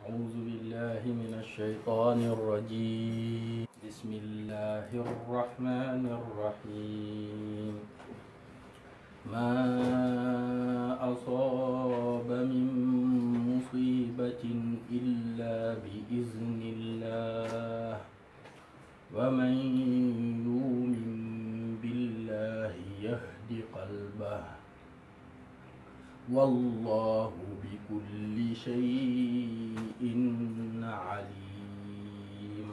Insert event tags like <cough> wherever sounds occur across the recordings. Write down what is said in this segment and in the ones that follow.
أعوذ بالله من الشيطان الرجيم بسم الله الرحمن الرحيم ما أصاب من مصيبة إلا بإذن الله ومن يؤمن بالله يهد قلبه والله بكل شيء عليم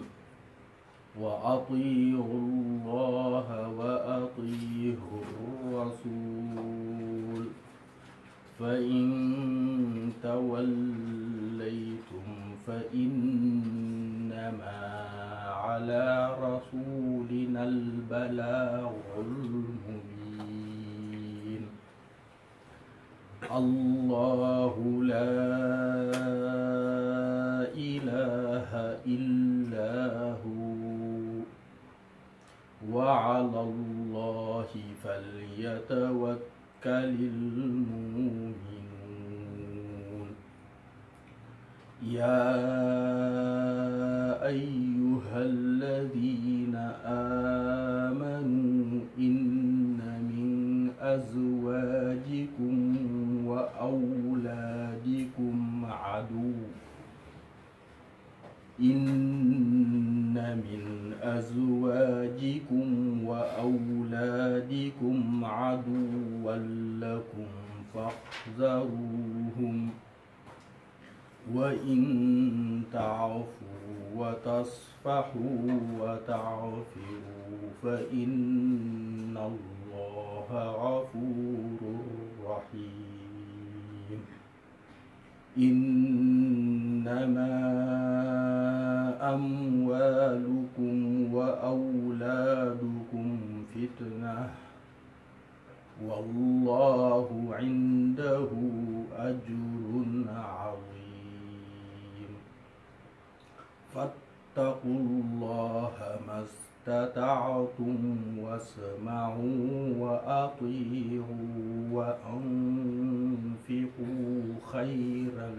وأطيعوا الله وأطيعوا الرسول فإن توليتم فإنما على رسولنا البلاغ المبين الله لا إله إلا هو وعلى الله فليتوكل المؤمنون يا أيها الذين آمنوا إن من أزواجكم إن من أزواجكم وأولادكم عدوا لكم فاحذروهم وإن تعفوا وتصفحوا وتعفروا فإن الله غفور رحيم إنما أموالكم وأولادكم فتنة والله عنده أجر عظيم فاتقوا الله ما استطعتم واسمعوا وأطيعوا وأنصتوا خيرا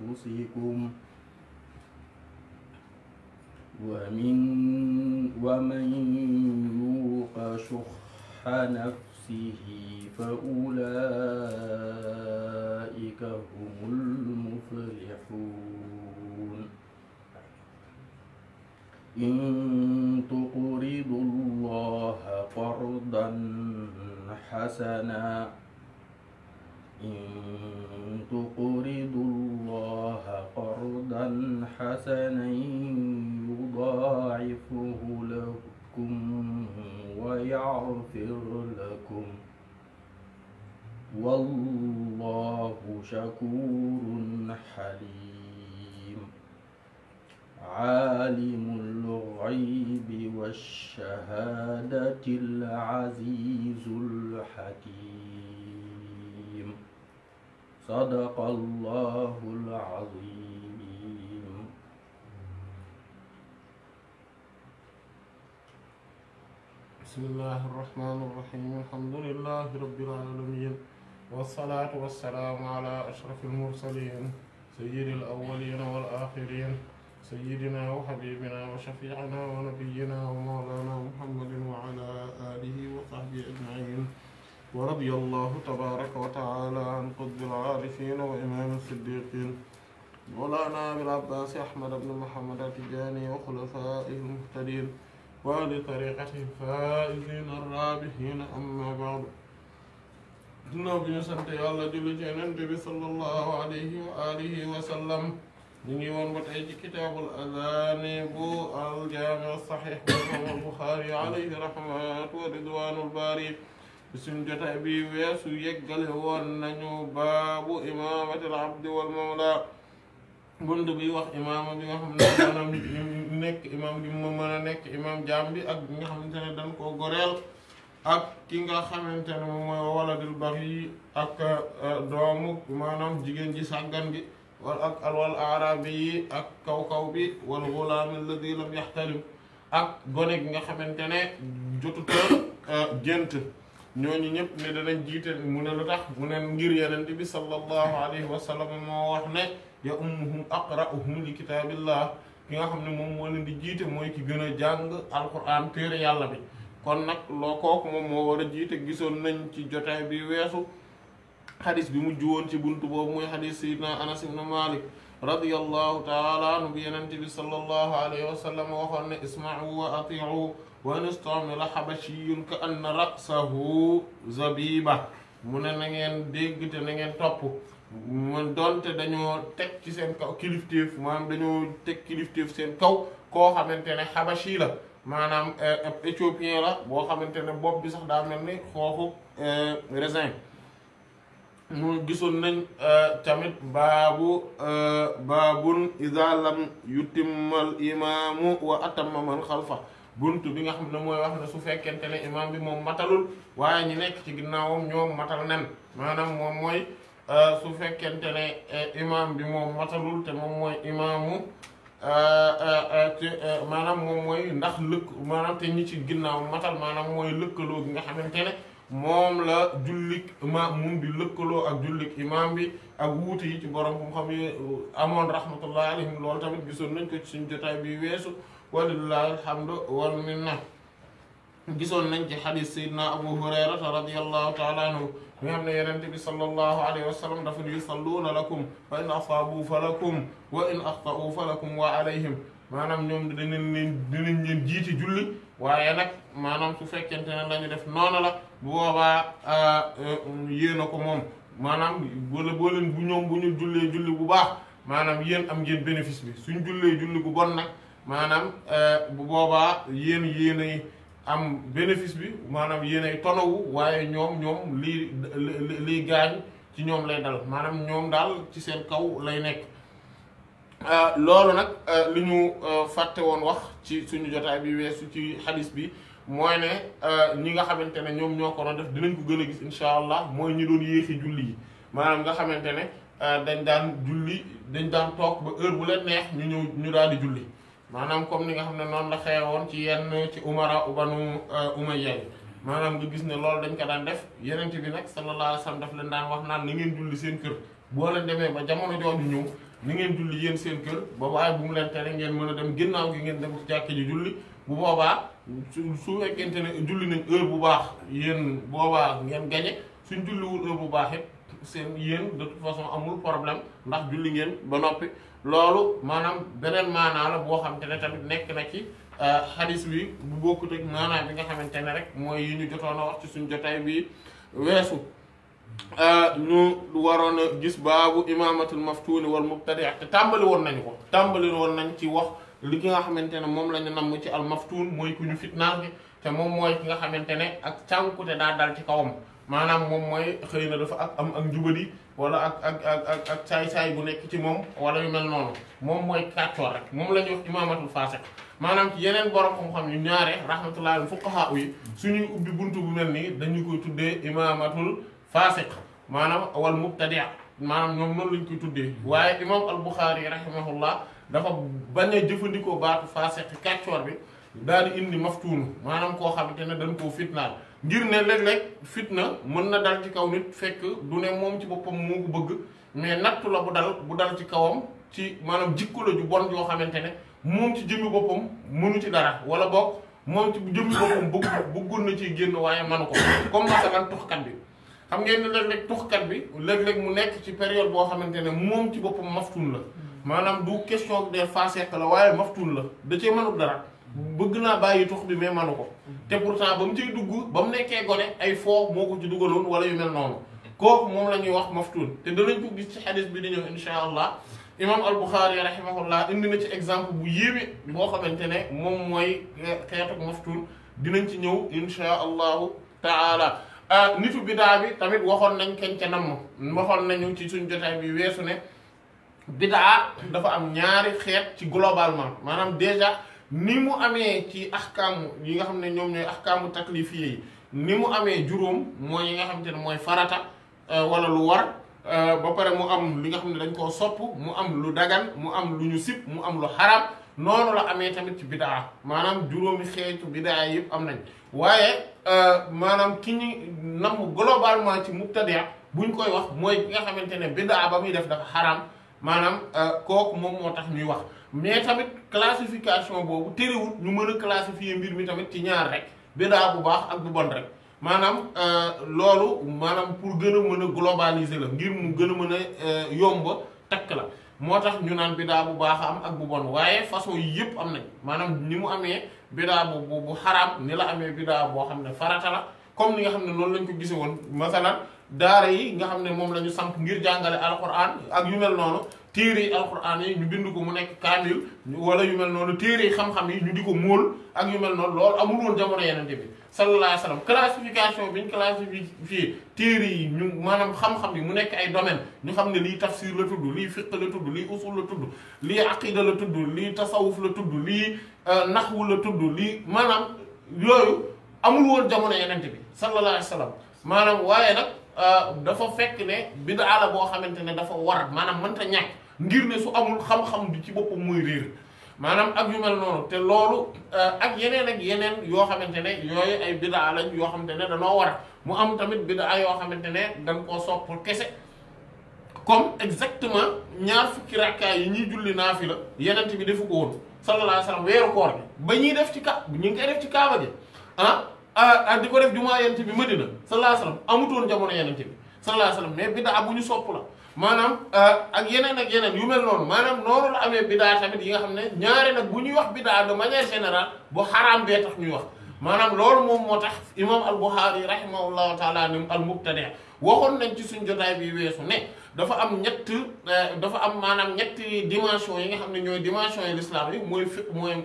لأنفسكم ومن ومن يوق شح نفسه فأولئك هم المفلحون إن تقرضوا الله قرضا حسنا إن تقرضوا الله قرضا حسنا يضاعفه لكم ويغفر لكم والله شكور حليم عالم الغيب والشهادة العزيز الحكيم صدق الله العظيم بسم الله الرحمن الرحيم الحمد لله رب العالمين والصلاة والسلام على أشرف المرسلين سيد الأولين والآخرين سيدنا وحبيبنا وشفيعنا ونبينا ومولانا محمد وعلى آله وصحبه أجمعين ورضي الله تبارك وتعالى عن قطب العارفين وإمام الصديقين مولانا أبي العباس أحمد بن محمد التجاني وخلفائه المهتدين ولطريقته الفائزين الرابحين أما بعد إنه بن سنت الله جل جل النبي صلى الله عليه وآله وسلم نيجي وان كتاب الأذان بو الجامع الصحيح بو البخاري عليه رحمة ورضوان الباري suñ jotaay bi weesu yeggale woon nañu baabu imaamatil abdi wal mawla bund bi wax imaama nekk imaam bi jaam bi ak bi nga xamante ne dañ koo goreel ak ki nga xamante ne moom mooy waladul baxi ak eh, doomu maanaam jigéen ji sàggan gi wal ak alwal aarabi yi ak kaw-kaw bi wal gulaam alladi lam yaxtalim ak gone gi nga xamante ne jotuta eh, gént ñooñu ñëpp ne danañ jiite mu ne lu tax mu ne ngir yeneen bi sallallahu alayhi wa sallam moo wax ne ya ummuhum aqra'uhum li kitaabillah ki nga xam ne moom moo leen di jiite mooy ki gën a jàng alquran téere yàlla bi kon nag loo kooku moom moo war a jiite gisoon nañ ci jotaay bi weesu xadis bi mu juwoon ci buntu boobu mooy xadis sayidna anas ibn malik رضي الله تعالى عن النبي صلى الله عليه وسلم وقال اسمعوا واطيعوا وان استعمل حبشي كان راسه زبيبه من نين ديغ تي نين توب من دونت دانيو تك سي سن كاو كليفتيف مام دانيو تك كليفتيف سن كاو كو خامتيني حبشي لا مانام ايثيوبيان لا بو خامتيني بوب بي صاح دا ملني خوفو ريزين mu gisoon nañ euh, tamit baabu euh, baabun iza lam yutimmal imaamu wa atamma man xalfa bunt bi nga xam ne mooy wax ne su fekkee ne bi moom matalul waaye ñi nekk ci ginnaawam ñoom matal nen maanaam moom mooy euh, su fekkente ne imaam bi moom matalul te moom mooy imaamu te maanaam moom mooy ndax lëkk maanaam te ñi ci ginnaaw matal maanaam mooy lëkkaloo bi nga xamante ne moom la jullik maamum bi lëkkaloo ak jullik imaam bi ak wuuti ci borom xam-xam yi uh, amoon rahmatullahi alayhim loolu tamit gisoon nañ ko ci suñu jotaay bi weesu walillahi alhamdu wal minna gisoon nañ ci xadis sayyidina abu hurayrata radiyallahu taala anhu mi xam ne yenente bi sallallahu alayhi wa sallam dafa ni yusalluuna lakum fa in asaabu fa wa in axta'u fa lakum wa alayhim maanaam ñoom dinañ leen dinañ jiiti julli waaye nag maanaam su fekkente ne lañu def noonu la bu boobaa ah, eh, yéen a ko moom maanaam wala boo bu ñoom bu julli bu baax maanaam yéen am ngeen bénéfice bi suñ jullee julli bu bon nag maanaam eh, bu boobaa yéen yéen ay am bénéfice bi maanaam yéen ay tonawu waaye ñoom ñoom lii lii gaañ ci ñoom lay dal maanaam ñoom daal ci seen kaw lay nekk ah, loolu nag ah, li ñu fàtte woon wax ci suñu jotaay bi weesu ci xadis bi mooy ne euh, ñi nga xamante ne ñoom ñoo ko doon def dinañ ko gën a gis incha allah mooy ñi doon yéexi julli yi maanaam nga xamante ne euh, dañ daan julli dañ daan toog ba heure bu leen neex ñu ñëw ñu daal di julli maanaam comme ni nga xam ne noonu la xewoon ci yenn ci umara ubanu euh, umayya maanaam nga gis ne loolu dañ ko daan def yenente bi nag sallallahu alayhi wa sallam daf leen daan wax naan ni ngeen julli seen kër boo leen demee ba jamono jooju ñëw ni ngeen julli yéen seen kër ba waaye bu mu leen tere ngeen mën a dem ginnaaw gi ngeen dem ci jàkk bu boobaa su su fekkente ne nañ heure bu baax yéen boobaa ngeen gañe suñ julliwul heure bu baax seen yéen de toute façon amul problème ndax julli ngeen ba noppi loolu maanaam beneen maanaa la boo xam ne tamit nekk na ci xadis euh, bi bu bokkut ak maanaa bi nga xamante ne rek mooy yi ñu jotoon a wax ci suñ jotaay bi weesu euh, ñu waroon a gis baabu imaamatul maftuuni wal mubtadi' te tàmbali woon nañu ko tàmbali woon nañ ci wax li ki nga xamante ne moom la ñu namm ci almaftuun mooy ku ñu fitnaal te moom mooy ki nga xamante ne ak cànkute daa dal ci kawam maanaam moom mooy xëy na dafa ak am ak njubadi wala ak ak ak ak bu nekk ci moom wala yu mel noonu moom mooy kàccoor rek moom la ñuy wax imaamatul faasiq maanaam ci yeneen borom xam yu ñaare rahmatullahi fuqahaa yi suñuy ubbi buntu bu mel nii dañu koy tuddee imaamatul faasiq maanaam wal mubtadi' maanaam ñoom noonu lañ koy tuddee waaye imaam al-Bukhari rahimahullah dafa bañ a jëfandikoo baatu faasiq kàccoor bi daal di indi maftuunu maanaam koo xamante ne dañ koo fitnaal ngir ne léeg-léeg fitna mën na dal ci kaw nit fekk du ne moom ci boppam moo bëgg mais nattu la bu dal bu dal ci kawam ci maanaam jikko la ju bon xamante ne moom ci jëmmi boppam mënu ci dara wala boog moom ci jëmmi na ciy génn waaye manu ko comme masalan tuxkat bi xam ngeen ne léeg-léeg tuxkat bi léeg-léeg mu nekk ci période boo xamante ne moom ci boppam maftuun la maanaam du question de faseq la waaye maftul la da cee mënul dara bëgg naa bàyyi tux bi mais manu ko te pourtant ba mu ciy dugg ba mu nekkee gone ay foo moo ko ci dugaloon wala yu mel noonu kooku moom la ñuy wax maftul te danañ ko gis ci xadis bi di ñëw insha allah imam al-Bukhari rahimahullah indi na ci exemple bu yéeme moo xamante ne moom mooy xeetuk maftul dinañ ci ñëw insha allahu taala ah, nitu bidaa bi tamit waxoon nañ kenn ca namm waxoon nañu ci suñ jotaay bi weesu ne bidaa dafa am ñaari xeet ci globalement maanaam déjà ni mu amee ci axkaamu yi nga xam ne ñoom ñooy axkaamu taklifiye yi ni mu amee juróom mooy yi nga xam te ne mooy farata euh, wala lu war euh, ba pare mu am li xam dañ koo sopp mu am lu dagan mu am lu ñu sipp mu am lu xaraam noonu la amee tamit ci bidaa maanaam juróomi xeetu bidaa yëpp am nañ waaye euh, maanaam ki ñu namm globalement ci mubtadia buñ koy wax mooy ki nga xamante ne bidaa ba muy def dafa xaraam maanaam euh, kooku moom moo tax ñuy wax mais tamit classification boobu terewul ñu mën a classifier mbir mi tamit ci ñaar rek bidaa bu baax ak bu bon rek maanaam euh, loolu maanaam pour gën a mën a globaliser la ngir mu gën a mën a euh, yomb takk la moo tax ñu naan bidaa bu baax am ak bu bon waaye façon yi yëpp am nañ maanaam ni mu amee bidaa bu bu xaraam ni la amee bidaa boo xam ne farata la comme ni nga xam ne loolu lañ ko gise woon masalan daara yi nga xam ne moom la ñu samp ngir jàngale alquran ak yu mel noonu téere yi alquran yi ñu bind ko mu nekk kaamil wala yu mel noonu téere yi xam-xam yi ñu di ko móol ak yu mel noonu lool amul woon jamono yeneen bi sallallahu alayhi wa sallam classification bi ñu classifié yi ñu maanaam xam yi mu nekk ay domaine ñu xam ne lii tafsir la tudd lii fiq la tudd lii usul la tudd lii aqida la tudd lii tasawuf la tudd lii euh, naxwu la tudd lii maanaam yooyu amul woon jamono yeneen bi sallallahu alayhi wa sallam maanaam waaye nag Euh, dafa fekk ne bid'a la boo xamante ne dafa war maanaam mënta ñàkk ngir ne su amul xam-xam bi ci boppam muy réer maanaam ak yu mel noonu te loolu euh, ak yeneen ak yeneen yoo xamante ne yooyu ay bid'a lañ yoo xamante ne danoo war mu am tamit bid'a yoo xamante ne dañ koo soppul kese comme exactement ñaar fukki rakkaa yi ñuy julli naafila yenent bi defu ko woon sallallahu alayhi weeru koor bi ba ñuy def ci ka ñu ngi def ci kaaba gi ah Ah, ah di ko def jumaa yenente bi Madina sallallahu alayhi wa sallam amutoon jamono yenente bi sallallahu alayhi wa sallam mais bidaa bu ñu sopp la maanaam ah, ak yeneen ak yeneen yu mel noonu maanaam noonu la amee bidaa tamit yi nga xam ne ñaare nag bu ñuy wax bidaa de manière générale bu xaraam bee tax ñuy wax maanaam loolu moom moo tax imam al-Bukhari rahimahullahu taala ni al-mubtadi waxoon nañ ci suñ jotaay bi weesu ne dafa am ñett eh, dafa am maanaam ñetti dimension yi nga xam ne ñooy dimension yi l'islam mooy fi mooy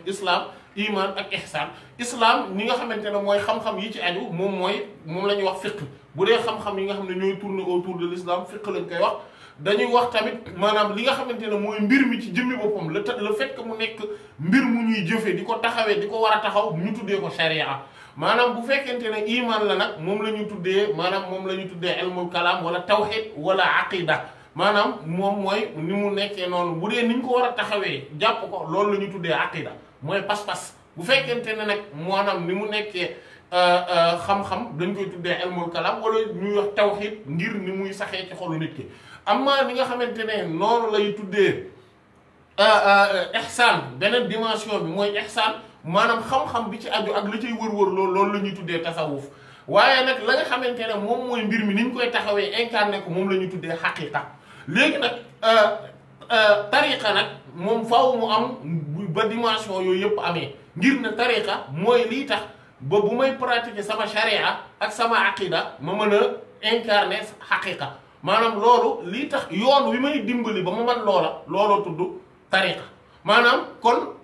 iman ak ihsaan islam ñi nga xamante ne mooy xam-xam yi ci aju moom mooy moom la ñuy wax fiqh bu dee xam-xam yi nga xam ne ñooy tourner autour de l'islam fiqh lañ koy wax dañuy wax tamit maanaam li nga xamante ne mooy mbir mi ci jëmmi boppam le le fait fekk mu nekk mbir mu ñuy jëfee di ko taxawee di ko war a taxaw ñu tuddee ko sharia maanaam bu fekkente ne iman la nag moom la ñuy tuddee maanaam moom la ñuy tuddee ilmul kalaam wala tawhid wala aqida maanaam moom mooy ni mu nekkee noonu bu dee ni ko war a taxawee jàpp ko loolu la ñuy tuddee aqida mooy pas-pas bu fekkente ne nag maanaam ni mu nekkee euh, euh, xam-xam dañ koy tuddee ilmul kalam wala ñuy wax tawxiid ngir ni muy saxee ci xolu nit ki amma ni nga xamante ne noonu lañuy tuddee euh, ihsaan beneen dimension bi mooy ihsaan maanaam xam-xam bi ci aju ak li ciy wër-wër loolu loolu la ñuy tuddee tasawuf waaye nag la nga xamante ne moom mooy mbir mi ni ñu koy taxawee incarné ko moom la ñuy tuddee xaqiqa léegi nag tariqa nag moom faw mu am. ba dimension yooyu yëpp amee ngir ne tariqa mooy lii tax ba bu may pratiquer sama sharia ak sama aqida ma mën a incarner xaqiqa maanaam loolu lii tax yoon wi may dimbali ba ma man loola looloo tudd tariqa maanaam kon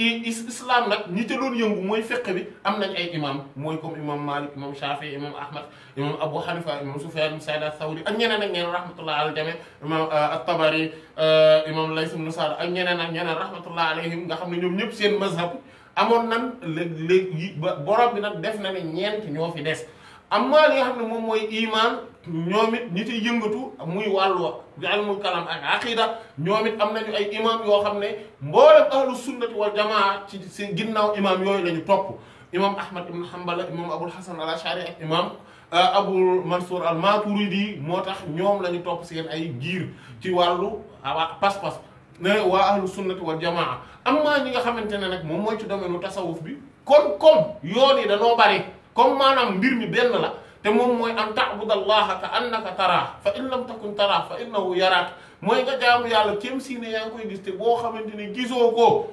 islam nag ñi ca doon yëngu mooy fiqh bi am nañ ay imam mooy comme imam Malik imam Shafi imam Ahmad imam Abu Hanifa imam Sufyan Sayd Thawri ak ñeneen ak ñeneen rahmatullah al jami imam euh, at-Tabari euh, imam Layth ibn Sa'd ak ñeneen ak ñeneen rahmatullah alayhim nga xam ne ñoom ñëpp seen mazhab amoon nan léeg ba borom bi nag def na ne ñeent ñoo fi des amma li nga xam ne moom mooy iman ñoom it ñi ciy yëngatu muy wàll wax di almul ak aqida ñoom it am nañu ay imam yoo xam ne mboolem ahlu sunnati wa jamaa ci seen ginnaaw imam yooyu la ñu topp imam ahmad ibn hanbal imam abul hasan al ashari ak imam euh, abul mansour al maturidi moo tax ñoom la ñu topp seen ay giir ci wàllu ah, pas-pas ne waa ahlu sunnati wal jamaa amma ñi nga xamante ne nag moom mooy ci domaine mu tasawuf bi kon comme yoon yi danoo bari comme maanaam mbir mi benn la te moom mooy an taabud allaha ka annaka taraa fa in lam takun taraa fa innahu yaraak mooy nga jaamu yàlla kéem si ne yaa ngi koy gis te boo xamante ne gisoo ko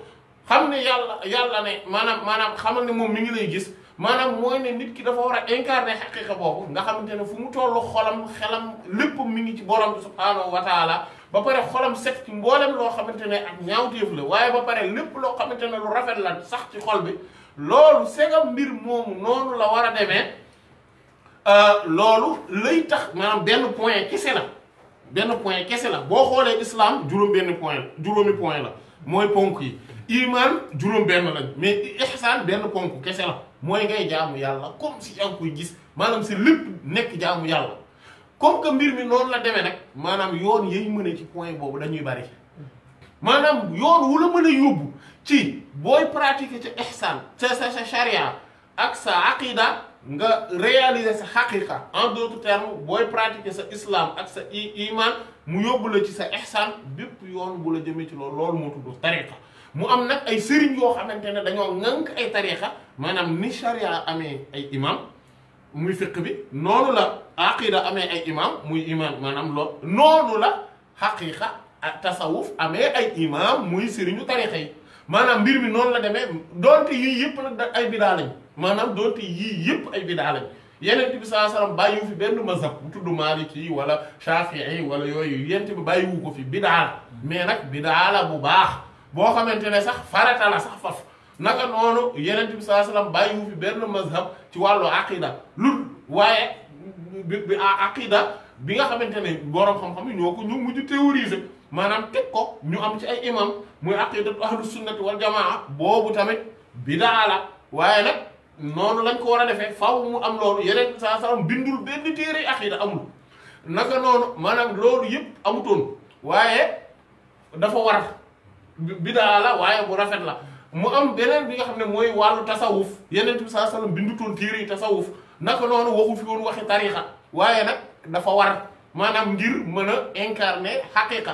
xam ne yàlla yàlla ne maanaam maanaam xamal ne moom mi ngi lay gis maanaam mooy ne nit ki dafa war a incarner xaqiqa boobu nga xamante ne fu mu tollu xolam xelam lépp mi ngi ci borom bi subhaanahu wa taala ba pare xolam set ci mboolem loo xamante ne ak ñaawteef la waaye ba pare lépp loo xamante ne lu rafet la sax ci xol bi loolu segam mbir moomu noonu la war a demee Euh, loolu lay tax maanaam benn point kese la benn point kese la boo xoolee islam juróom benn point juróomi point la mooy ponk yi iman juróom benn lañ mais ihsaan benn ponk kese la mooy ngay jaamu yàlla comme si yaa ngi koy gis maanaam si lépp nekk jaamu yàlla comme que mbir mi noonu la demee nag maanaam yoon yay mën a ci point boobu dañuy bari maanaam yoon wu la mën a yóbbu ci booy pratiquer ca ihsaan sa sa sa charia ak sa aqida nga réaliser sa xaqiqa en d'autres termes booy pratiquer sa islam ak sa iman mu yóbbu la ci sa ihsan bépp yoon bu la jëmee ci loolu moo tudd tariqa mu am nag ay sëriñ yoo xamante ne dañoo ŋànk ay tariqa maanaam ni sharia amee ay imam muy fiq bi noonu la aqida amee ay imam muy iman maanaam lool noonu la xaqiqa ak tasawuf amee ay imam muy sëriñu tariqa yi maanaam mbir mi noonu la demee doonte yii yëpp nag ay bidaa lañ manam doonte yi yep ay bida la yenenbi bi saa sallam bàyyiwu fi benn mazhab bu tudd maliki wala shafii wala yoyu yenent bi ko fi bidaa mais nag bidaa la bu baax boo xamante sax farata la sax faf naka nonu yenenbi bi saa sallam bàyyiwu fi benn mazhab ci walu aqida lul waye bi aqida bi nga xamantene borom xam-xam ñoko ñu muju théoriser manam tek ko ñu am ci ay imam muy aqida ahlus sunnah wal jamaa bobu tamit bida la waye nak noonu lañ ko war a defee faw mu am loolu yeneen saa saa bindul benn téere aqida amul naka noonu maanaam loolu yëpp amutoon waaye dafa war bidaa la waaye bu rafet la mu am beneen bi nga xam ne mooy wàllu tasawuf yeneen bi saa sallam bindutoon téere tasawuf naka noonu waxu fi woon waxi tarixa waaye nag dafa war maanaam ngir mën a incarner xaqiqa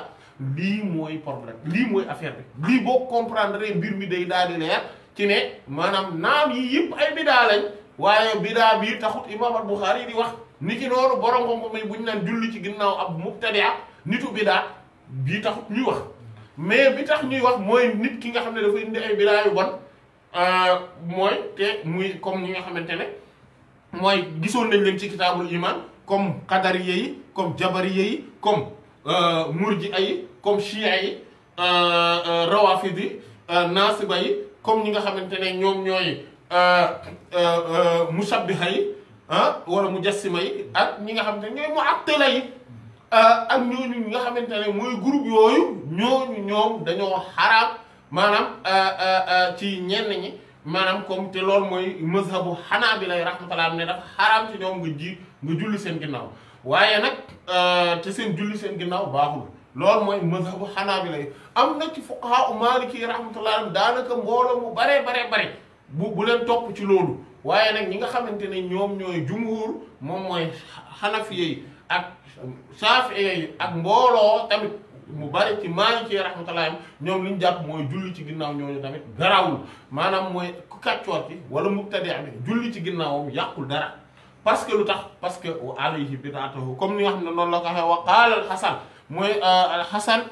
lii mooy problème lii mooy affaire bi lii boo comprendre mbir mi day daal di leer ci ne maanaam naam yi yëpp ay bidaa lañ waaye bidaa bii taxut imaam al Buxaari yi di wax ni ki noonu borom xam-xam yi bu ñu naan julli ci ginnaaw ab mubtadia nitu bidaa bii taxut ñuy wax mais bi tax ñuy wax mooy nit ki nga xam ne dafa indi ay bidaa yu bon euh, mooy te muy comme ñi nga xamante ne mooy gisoon nañ leen ci kitaabul iman comme qadariye yi comme jabariye yi comme euh, murji ay comme chia yi euh, rawafid yi nasiba yi comme ñi nga xamante ne ñoom ñooy euh, euh, euh, musabbiha yi ah wala mujassima yi ak ñi nga xamante ne ñooy mu'attila yi ak ñooñu ñi nga xamante ne mooy groupe yooyu ñooñu ñoom dañoo xaraam maanaam ci ñenn ñi maanaam comme te loolu mooy mazhabu xanaabila yi rahmatullah ne dafa xaraam ci ñoom nga ji nga julli seen ginnaaw waaye nag te seen julli seen ginnaaw baaxul. loolu mooy xanaa bi yi am na ci fuqaha u maliki am rahmatullahi alayhim daanaka mbooloo mu baree baree bare bu bu leen topp ci loolu waaye nag ñi nga xamante ne ñoom ñooy jumhur moom mooy xanafiye yi ak saafiye yi ak mbooloo tamit mu bari ci maliki yi rahmatullahi ñoom li ñu jàpp mooy julli ci ginnaaw ñooñu tamit garawul maanaam mooy ku kàccoor ci wala mubtadi bi julli ci ginnaawam yàqul dara parce que lu tax parce que alayhi bidaatahu comme ni nga xam ne noonu Euh, euh, mooy alxasan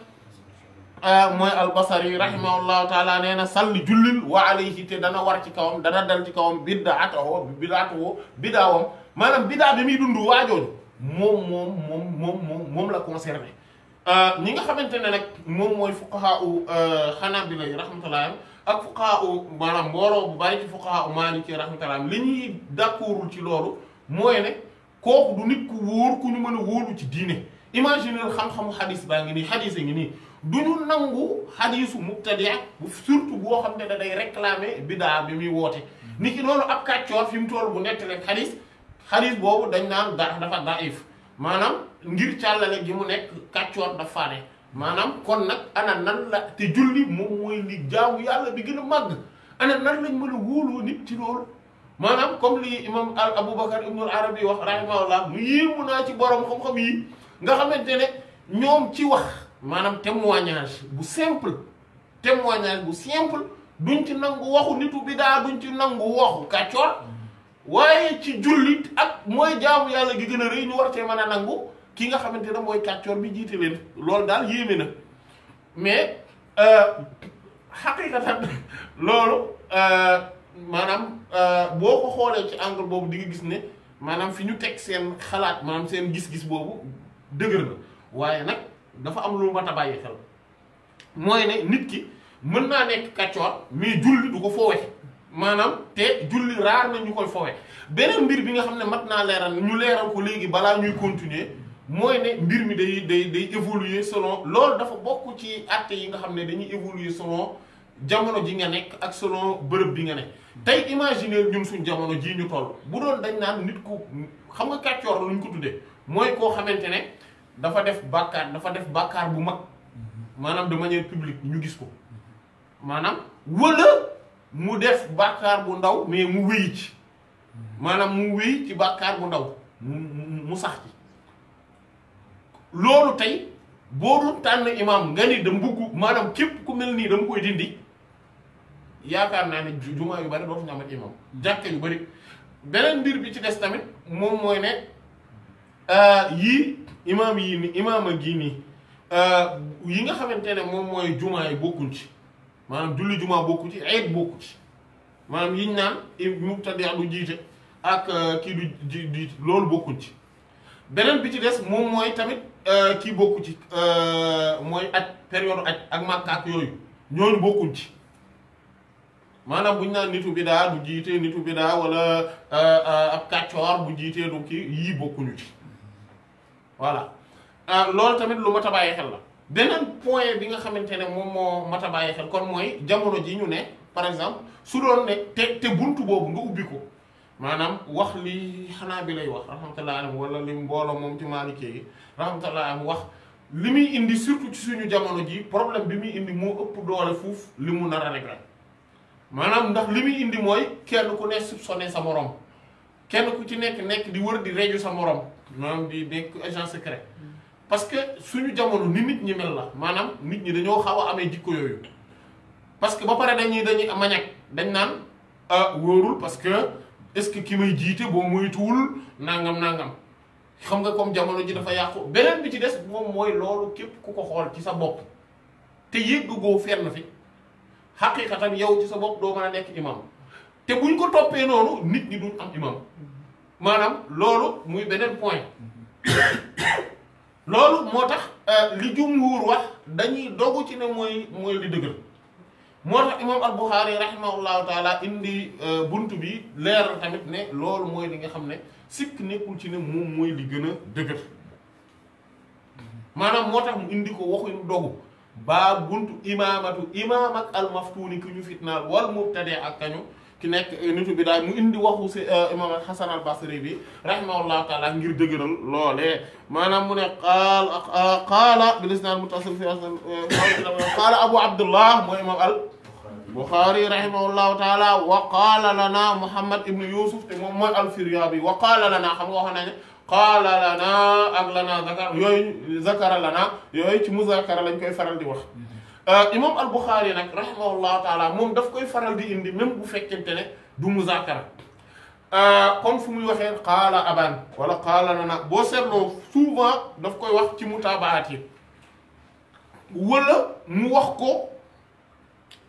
mooy albasari rahimahullahu taala nee na salli jullil wa alayhi te dana war ci kawam dana dal ci kawam bidaatahu bidaatahu bidaawam maanaam bidaa bi muy dund waajooju moom moom moom moom moom moom la concerné euh, ñi nga xamante ne nag moom mooy fuqahaa u xanaabila yi rahmatullahi ak fuqahaa u mbooloo bu bari ci fuqahaa u maaliki li ñuy d'accordul ci loolu mooy ne kooku du nit ku wóor ku ñu mën wóoru ci diine imaginer xam-xamu xadis baa ngi nii xadis yi ngi nii du ñu nangu xadisu mubtadia surtout boo xam ne da day réclamer bidaa bi muy woote. Mm-hmm. nit ki noonu ab kàccoor fi mu toll bu rek xadis xadis boobu dañ naan da dafa daif maanaam ngir càllale gi mu nekk kàccoor dafa faane maanaam kon nag ana nan la te julli moom mooy li jaamu yàlla bi gën a màgg ana nan lañ mën a wóoloo nit ci loolu. maanaam comme li imam al Aboubacar ibnul Arabi wax rahimahullah mu yéemu naa ci borom xam-xam yi. nga xamante ne ñoom ci wax maanaam témoignage bu simple témoignage bu simple duñ ci nangu waxu nitu bidaa duñ ci nangu waxu kàccoor waaye ci jullit ak mooy jaamu yàlla gi gën a rëy ñu war cee mën a nangu ki nga xamante ne mooy kàccoor bi jiite leen loolu daal yéeme na mais euh, xaqiqatan <laughs> loolu euh, maanaam euh, boo ko xoolee ci angle boobu di nga gis ne maanaam fi ñu teg seen xalaat maanaam seen gis-gis boobu dëgër na waaye nag dafa am lu mat a bàyyi xel mooy ne nit ki mën naa nekk kàccoor mais julli du ko foowe maanaam te julli raar na ñu koy foowe beneen mbir bi nga xam ne mat naa leeral ñu leeral ko léegi balaa ñuy continuer mooy ne mbir mi day day day évoluer selon loolu dafa bokk ci àtte yi nga xam ne dañuy évoluer selon jamono ji nga nekk ak selon bërëb bi nga ne tey imaginer ñun suñ jamono jii ñu toll bu doon dañ naan nit ku xam nga kàccoor luñ ko tuddee mooy koo xamante ne dafa def bàkkaar dafa def bàkkaar bu mag maanaam de manière publique ñu gis ko maanaam wala mu def bàkkaar bu ndaw mais mu wéy ci maanaam mu wéy ci bàkkaar bu ndaw mu sax ci loolu tey boo tànn imaam nga ni dama bëgg maanaam képp ku mel nii dama koy dindi yaakaar naa ne jumaa yu bari dootuñu amat imaam jàkka yu bari beneen mbir bi ci des tamit moom mooy ne Euh, yii imaam yii ni imaam ak yii nii euh, yi nga xamante ne moom mooy jumaa yi bokkuñ ci maanaam julli jumaa ci eid bokku yiñ naan muqtadi du jiite ak euh, kii du jiite loolu bokkuñ ci beneen bi ci des moom mooy tamit kii bokku ci mooy aj période aj ak Makka ak yooyu ñooñu bokkuñ ci maanaam buñ naan nitu bidaa du jiite nitu bidaa wala ab kàccoor bu jiitee du kii yii bokkuñu ci voilà euh, loolu tamit lu ma a xel la beneen point bi nga xamante ne moom moo mat a xel kon mooy jamono ji ñu ne par exemple su doon ne te te buntu boobu nga ubbi ko maanaam wax li xanaa bi lay wax rahmatullah alam wala mbooloo moom ci maalike yi rahmatullah wax li muy indi surtout ci suñu jamono ji problème bi muy indi moo ëpp doole fuuf li mun nar a régler maanaam ndax li muy indi mooy kenn ku ne soupçonné sa morom kenn ku ci nekk nekk di wër di reju sa morom maanaam di nekk agent secret hmm. parce que suñu jamono ni nit ñi mel la maanaam nit ñi dañoo xaw a amee jikko yooyu parce que ba pare dañuy dañuy mañak dañ naan ah wóorul parce que est-ce que ki may jiite boo moytuwul nangam nangam xam nga comme jamono ji dafa yàqu beneen bi ci des moom mooy loolu képp ku ko xool ci sa bopp te yëggagoo fenn fi xaqiiqatan yow ci sa bopp doo mën a nekk imam te bu ñu ko toppee noonu nit ñi duñ am imam hmm. maanaam loolu muy beneen point loolu moo tax euh, li jumhuur wax dañuy dogu ci ne mooy mooy li dëgër moo tax imaam al-Bukhari rahimahullahu taala indi euh, bunt bi leer tamit ne loolu mooy li nga xam ne sikk nekkul ci ne moom mooy li gën a dëgër maanaam moo tax mu indi ko waxuñu dogu baa bunt imaamatu imaam ak al-maftuuni ku ñu fitnaal wal mubtadi ak kañu ki nekk eh, nitu bidaay mu indi waxu si eh, imam Hasan al Basri bi rahimahullahu taala ngir dëgëral loolee maanaam mu ne eh, qaala qaala bil isnaad muttasil fi qaala Abu Abdullah mooy imam al Bukhari rahimahullahu taala wa qaala lana Muhammad ibn Yusuf te moom mooy al Firyabi wa qaala lana xam nga waxoon nañu qaala lana ak lana zakar yooyu zakara lana yooyu ci muzaakara lañ koy faral di wax. imam al-Bukhari nag rahimahullahu taala mom daf koy faral di indi même bu fekente ne du muzakara euh comme fu muy waxe qala aban wala qala lana bo seetloo souvent daf koy wax ci mutabaati wala mu wax ko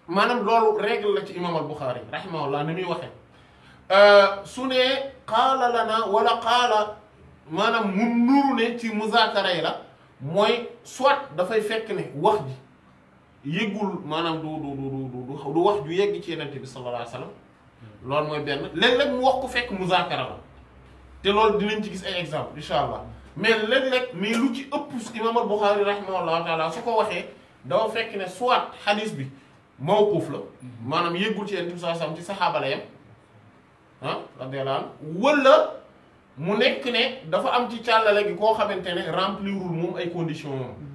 manam lolu règle la ci imam al-Bukhari rahimahullah ni muy waxee su ne qaala lana wala qala manam mu nuru ne ci muzakara la moy soit da fay fek ne wax ji yëggul maanaam du du du du wax du yegg ci yenente bi sallallahu alayhi wa loolu mooy benn léeg-léeg mu wax ko fekk muzaakara la te loolu dinañ ci gis ay exemple incha allah mais léeg-léeg mais lu ci ëpp imam al Buxaari rahimahullahu taala su ko waxee dafa fekk ne soit xadis bi mawquuf la maanaam yëggul ci yenente bi sallallahu alayhi wa sallam ci saxaaba la mu nekk ne dafa am ci càllale gi koo xamante ne remplirul moom ay conditions moom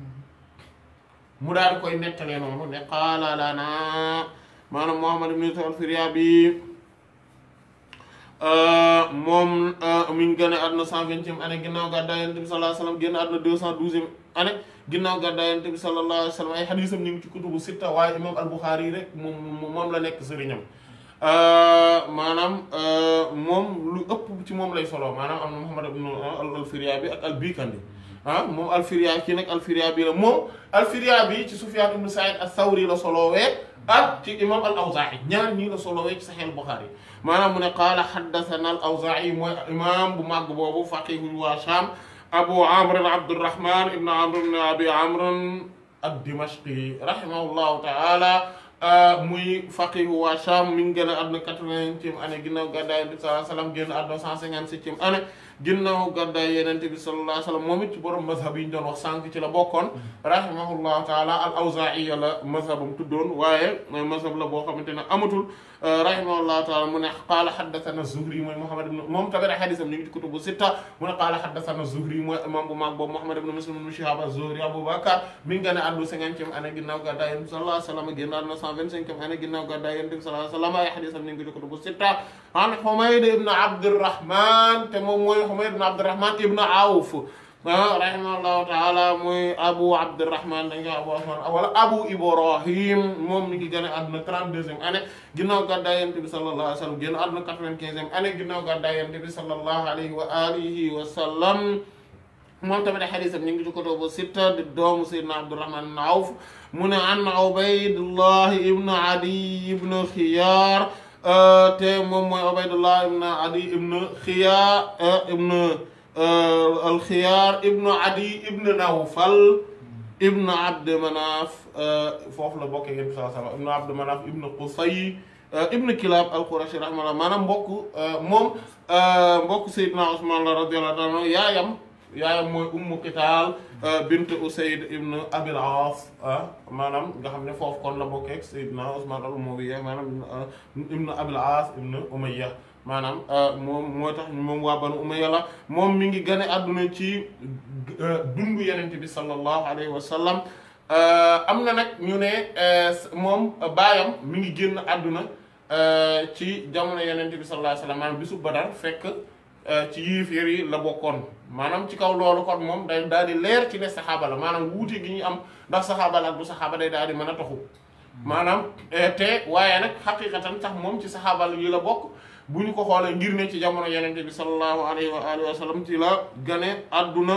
mu daal di koy nettalee noonu ne qaala lanaa maanaam Muhammad ibn Isa al-Firyaabi euh, moom euh, mi ngi gën a àdduna cent vingtième année ginnaaw gàddaay Yonent bi sallallahu alayhi wa sallam génn àdduna deux cent douzième année ginnaaw gàddaay Yonent bi sallallahu alayhi wa sallam ay xadiisam ñu ngi ci kutubu sitta waaye imaam al-Buxaari yi rek moom moom la nekk sëriñam euh, maanaam moom lu ëpp ci moom lay solo maanaam am na Muhammad ibn al-Firyaabi ak al-Bikandi ah moom alfiria kii nag alfiria bi la moom alfiria bi ci Sufyaan ibn Sa'iid as-Sawri la solowee ak ci imam al-Awzaa'i ñaar ñii la solowee ci Sahih al-Bukhari maanaam mu ne qaala haddathana al-Awzaa'i mooy imam bu màgg boobu faqihul waa Shaam abu amr abdurrahman ibn amr ibn abi amr ad-Dimashqi rahimahullahu taala muy faqihu waa Sham mi ngi génn àdduna quatre-vingtième année ginnaaw gàddaay Yonent bi sallallahu wa sallam moom it ci borom mazhab yi ñu doon wax sànq ci la bokkoon mm-hmm. rahimahullahu taala al Awzaa'i la mazhabam tuddoon waaye mooy mazhab la boo xamante ne amatul rahimahullahu taala mu ne qaala haddathana Zuhri mooy Zuhri mooy Muhammad ibn Muslim ibn Shihab az-Zuhri Abu Bakr mi ngi génn àdduna cinquantième année ginnaaw gàddaay Yonent bi 225 année ginnaaw gàddaay Yonent bi sallallahu alayhi wa sallam ay hadiisam ni ngi ko ci kutubu sitta an Humayd ibn Abdurrahman te moom mooy Humayd ibn Abdurrahman ibn Awf rahimahullahu taala muy Abu Abdurrahman dañ koy Abu Abdurrahman wala Abu Ibrahim moom mi ngi génn àdduna 32e année ginnaaw gàddaay Yonent bi sallallahu alayhi wa sallam génn àdduna 95e année ginnaaw gàddaay Yonent bi sallallahu alayhi wa alihi wa sallam moom tamit ay xadisam ñu ngi ci kutubu sitta di doomu saydna abdurahman ibn awf mu ne an ubaydullah ibn adi ibn xiyaar te moom mooy ubaydullah ibn adi ibn xiyaar ibn alxiyaar ibn adi ibn nawfal ibn abd manaf foofu la bokk yéen saa sala ibn abd manaf ibn qusay ibn Kilab al-Qurashi rahimahullah maanaam mbokk moom mbokk saydna usman la radiyallahu anhu yaayam yaayam mooy ummu kitaal euh, bint usayd ibn abil aas euh, maanaam nga xam ne foofu kon la bokk ak sayyidna usman al umawiya maanaam euh, ibn abil aas ibn umayya maanaam moom moo tax moom waa banu umayya la moom mi ngi gën àdduna ci dundu yenent bi sallallahu alayhi wa sallam am na nag ñu ne moom baayam mi ngi génn àdduna ci jamono yenent bi sallallahu alayhi wa sallam maanaam fekk ci yiifir yi la bokkoon maanaam ci kaw loolu kon moom day daal di leer ci ne saxaaba la maanaam wuute gi ñu am ndax saxaaba la ak du saxaaba daal di mën a taxu maanaam eh, te waaye nag xaqiqatan sax moom ci saxaaba yi la bokk bu ñu ko xoolee ngir ne ci jamono yenente bi sallallahu alayhi wa alihi wa sallam ci la gane àdduna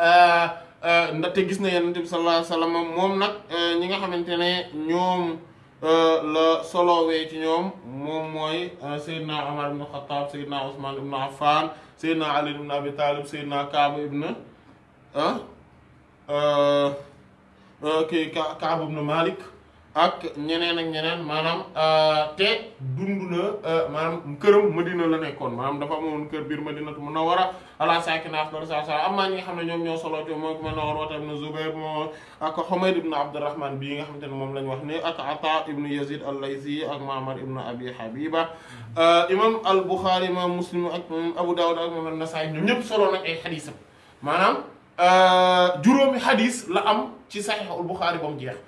eh, eh, ndaxte gis na yenente bi sallallahu alayhi wa moom nag ñi nga xamante ne ñoom la solowee ci ñoom moom mooy Seydina Omar ibn Khattab Seydina Ousmane ibn Affan Seydina Ali ibn Abi Talib Seydina Kaab ibn ah, ah, ah kii Kaab ibn Malik ak ñeneen ak ñeneen maanaam euh, te dund na euh, maanaam këram Madina la nekkoon maanaam dafa amoon kër biir ma Munawwara ala saakinihaa afdalu salaatu wa salaam amma ñi nga xam ne ñoom ñoo solo xam moom mel ne Urwata ibn Zubayr moom ak Humayd ibn Abdurrahman bii nga xamante ne moom la ñu wax ne ak Ataa ibn Yazid al-Laysi ak Ma'mar ibn Abi Habiba euh, imam al-Bukhari imam Muslim ak moom Abu Dawud ak moom an-Nasaa'i ñoom ñëpp solo nag ay xadiisam maanaam juróomi xadiis la am ci Saxiixul Bukhari ba mu jeex.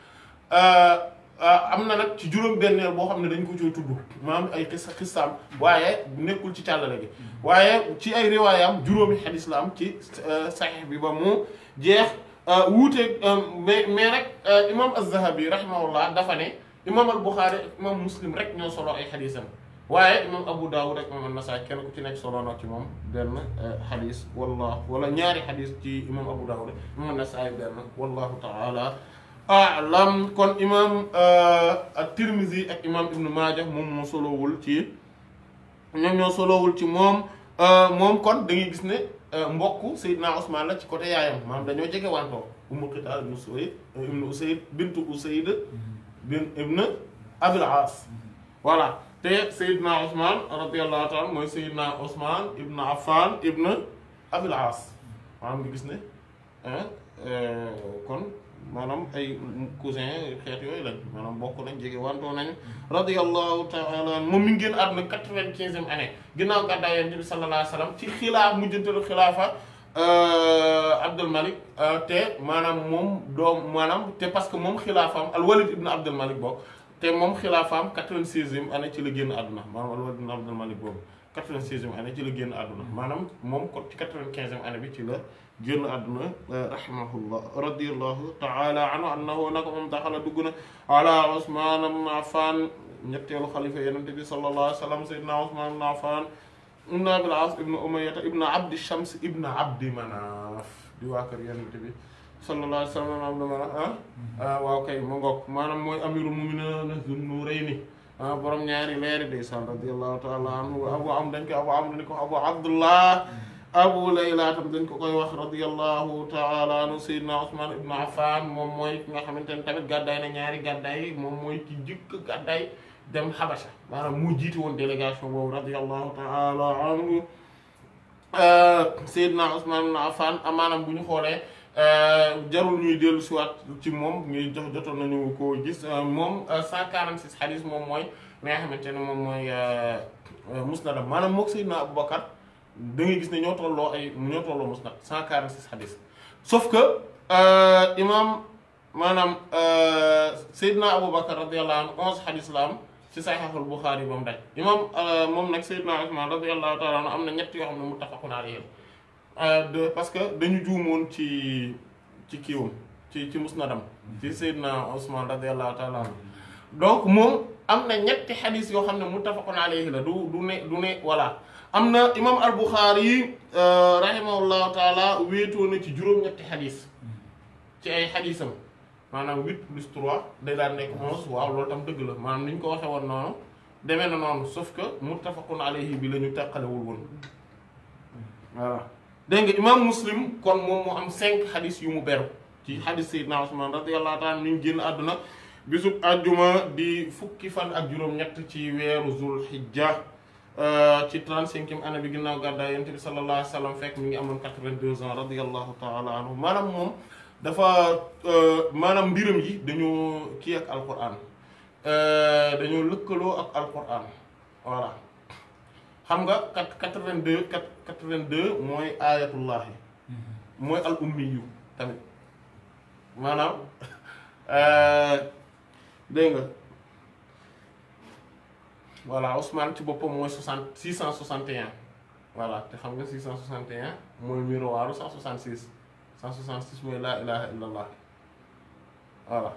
Euh, am na nag ci juróom-benneel boo xam ne dañ ko cooy tudd maam ay xisa xistaam waaye nekkul ci càllale bi waaye ci ay riwaayaam juróomi xadis la am ci euh, saxiix bi ba mu jeex euh, wuuteeg mais mais rek imam az-Zahabi rahimahullah dafa ne imam al-Bukhari imam muslim rek ñoo solo ay xadisam waaye imam Abu Dawud rek imam an-Nasa'i kenn ci nekk solo na ci moom benn xadis wallah wala ñaari xadis ci imam Abu Dawud imam an-Nasa'i benn wallahu taala alam ah, kon imam euh, at-Tirmizi ak imam Ibn Maaja moom moo solowul ci ñoom ñoo solowul ci moom euh, moom kon da ngay gis ne euh, mbokk Seydina Ousmane la ci côté yaayam maanaam dañoo jege wantoo Ummu Qitaal ibnu Usayd ibnu Usayd bintu Usayd bin Abil Aas voilà te Seydina Ousmane radiyallahu taala mooy Seydina Ousmane ibn Affan ibn Abil Aas maanaam nga gis ne kon maanaam ay cousin xeet yooyu lañ maanaam bokk nañ jege wantoo nañ radiyallahu taala an moom mi ngi génn àdduna quatre-vingt-quinzième année ginnaaw gàddaay Yonent bi sallallahu alayhi wa sallam ci xilaaf mujjantalu xilaafa euh, Abdul Malik euh, te maanaam moom doom maanaam te parce que moom xilaafaam al-Walid ibn Abdul Malik te moom xilaafaam quatre-vingt-seizième année ci la génn àdduna maanaam al-Walid ibn Abdul Malik boobu quatre-vingt-seizième année ci la génn àdduna maanaam moom ko ci quatre-vingt-quinzième bi ci la génn àdduna rahimahullah radiyallahu taala anhu annahu naka moom daxala dugg na ala Usmaan ibn Affan ñetteelu xalifa Yonent bi sallallahu alayhi wa sallam sayyidina Usmaan ibn Affan ibn Abil As ibn Umayyata ibn Abdi Shams ibn Abdi di waa kër Yonent bi sallallahu alayhi wa sallam ma ah, mhm. ah, ngoog maanaam mooy amirul mu'miniina Zul ah, borom ñaari leeri day sal radiyallahu taala anhu abu am abu abdullah mhm. abu layla tam dañ ko koy wax radiyallahu taala anhu sayyidina usman ibnu affan moom mooy ki nga xamante ne tamit gàddaay na ñaari gàddaay moom mooy ki jëkk gàddaay dem xabasa mu jiite woon délégation boobu radiyallahu taala anhu euh, sayyidina usman ibnu affan amaanaam bu ñu xoolee euh, jarul ñuy dellu siwaat ci moom ñuy jox jotoon nañu ko gis euh, moom 146 xadis moom mooy li nga xamante ne moom mooy musnadam maanaam mook sayyidina abubakar da ngay gis ne ñoo tolloo ay ñoo tolloo musnad 146 xadis sauf que euh, imam maanaam euh, Seydina Aboubacar radiyallahu anhu 11 xadis la am ci saxiixul Buxaari ba mu daj imam euh, moom nag Seydina Usmaan radiyallahu taala anhu am na ñett yoo xam ne muttafaqun alayhi de parce que dañu juumoon ci ci kiiwam ci ci musnadam ci Seydina Usmaan radiyallahu taala anhu donc moom am na ñetti xadis yoo xam ne muttafaqun alayhi la du du ne du ne voilà am na imam al buxaari yi euh, rahimahullahu taala wéetoo na ci juróom-ñetti xadis ci ay xadisam maanaam huit plus trois day daan nekk onze waaw loolu tam dëgg la maanaam ni ñu ko waxee woon noonu deme na noonu sauf que muttafaqun alayhi bi la ñu teqalewul woon voilà dégg nga imam muslim kon moom moo am cinq xadis yu mu beru ci xadis sayyidna Usmaan radiyallahu taala ni ñu génn àdduna bisub àjjuma di fukki fan ak juróom-ñett ci weeru zul hijja Euh, ci trente-cinquième année bi ginnaaw gàddaay yonent bi sallallahu alayhi wa sallam fekk mi ngi amoon quatre-vingt-deux ans radiyallahu taala anhu maanaam moom dafa euh, maanaam mbiram yi dañoo kii ak alquran euh, dañoo lëkkaloo ak alquran voilà xam nga quatre quatre-vingt-deux quatre-vingt-deux mooy ayatullahi mhm. mooy al ummi yu tamit maanaam <laughs> dégg voilà Ousmane ci boppam mooy soixante six cent soixante un voilà te xam nga six cent soixante et un mooy miroiru cent soixante six cent soixante six mooy laa ilaha illallah voilà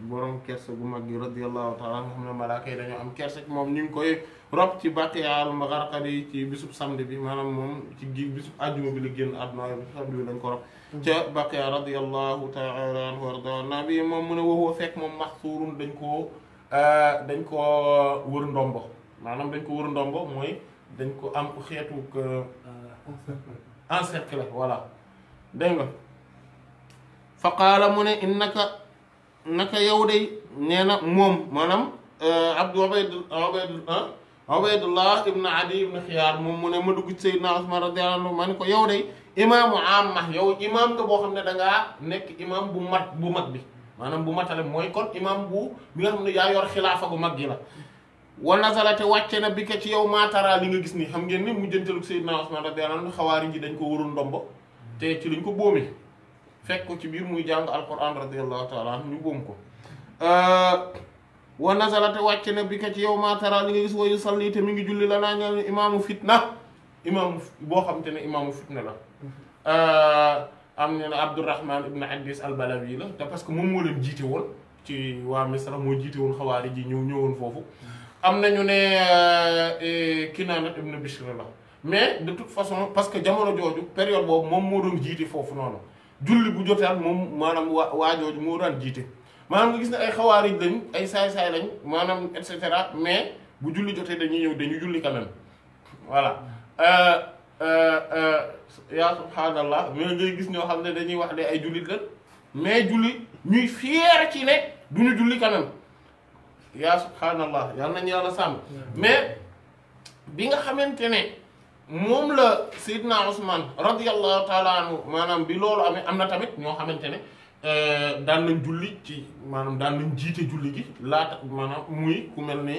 boroom kerse gu mag gi radiyallahu taala nga xam ne malaaka dañoo am kerse moom ñu ngi koy rob ci bàqeyaal Magharqali ci bisub samedi bi maanaam moom ci gi bisub àjjuma bi la génn àdduna waaye bisub samedi bi lañ ko rob ca bàqeyaal radiyallahu taala anhu warda nabi moom mu ne waxoo fekk moom maxsuurun koo Euh, dañ ko wër ndombo maanaam dañ ko wër ndombo mooy dañ ko am xeetu euh, encercle voilà dégg nga fa qaala mu ne innaka naka yow day nee na moom maanaam euh, abdu ubayd ubayd Ubaydullah ibn Adi ibn Xiyaar moom mu ne ma dugg ci Seydina Usmaan radiyallaahu anhu ma ko yow de imaamu amma yow imaam nga boo xam ne danga nekk imaam bu mat bu mag bi maanaam bu matale mooy kon imam bu mi nga xam ne yaa yor xilaafa gu mag yi la wa nazala te wàcce na bi ka ci yow maatara li nga gis ni xam ngeen ne mujjantalu Seydina Usmaan radiyallaahu anhu xawaari ji dañ ko warul ndombo te ci lañ ko boomee fekk ko ci biir muy jàng alquran radiyallaahu taala anhu ñu boom ko wa nazala te wàcce na bi ka ci yow maatara li nga gis wayu salli te mi ngi julli la naa ñaan imaamu fitna boo xam te ne imaamu fitna la am ne na Abdourahman ibn Addis al la te parce que moom moo leen jiite woon ci waa Misra moo jiite woon xawaari ji ñëw ñëwoon foofu am nañu ne euh, Kinaana ibn Bishr la mais de toute façon parce que jamono jooju période boobu moom moo doon jiite foofu noonu julli bu jotaat moom maanaam waa waa jooju moo daan jiite maanaam nga gis ne ay xawaarij lañ ay saay-saay lañ maanaam et cetera mais bu julli jotee dañuy ñëw dañu julli quand même euh, Euh, euh, yaa subhaanallah mais ngay gis ñoo xam ne dañuy wax ne ay jullit lan mais julli ñuy fier ci ne duñu julli kanam yaa subhaanallah yal nañu yàlla sàmm mais bi nga xamante ne moom la Seydina Ousmane radiyallahu taala maanaam bi loolu amee am na tamit ñoo xamante ne euh, daan nañ julli ci maanaam daan nañ jiite julli gi laata maanaam muy ku mel ni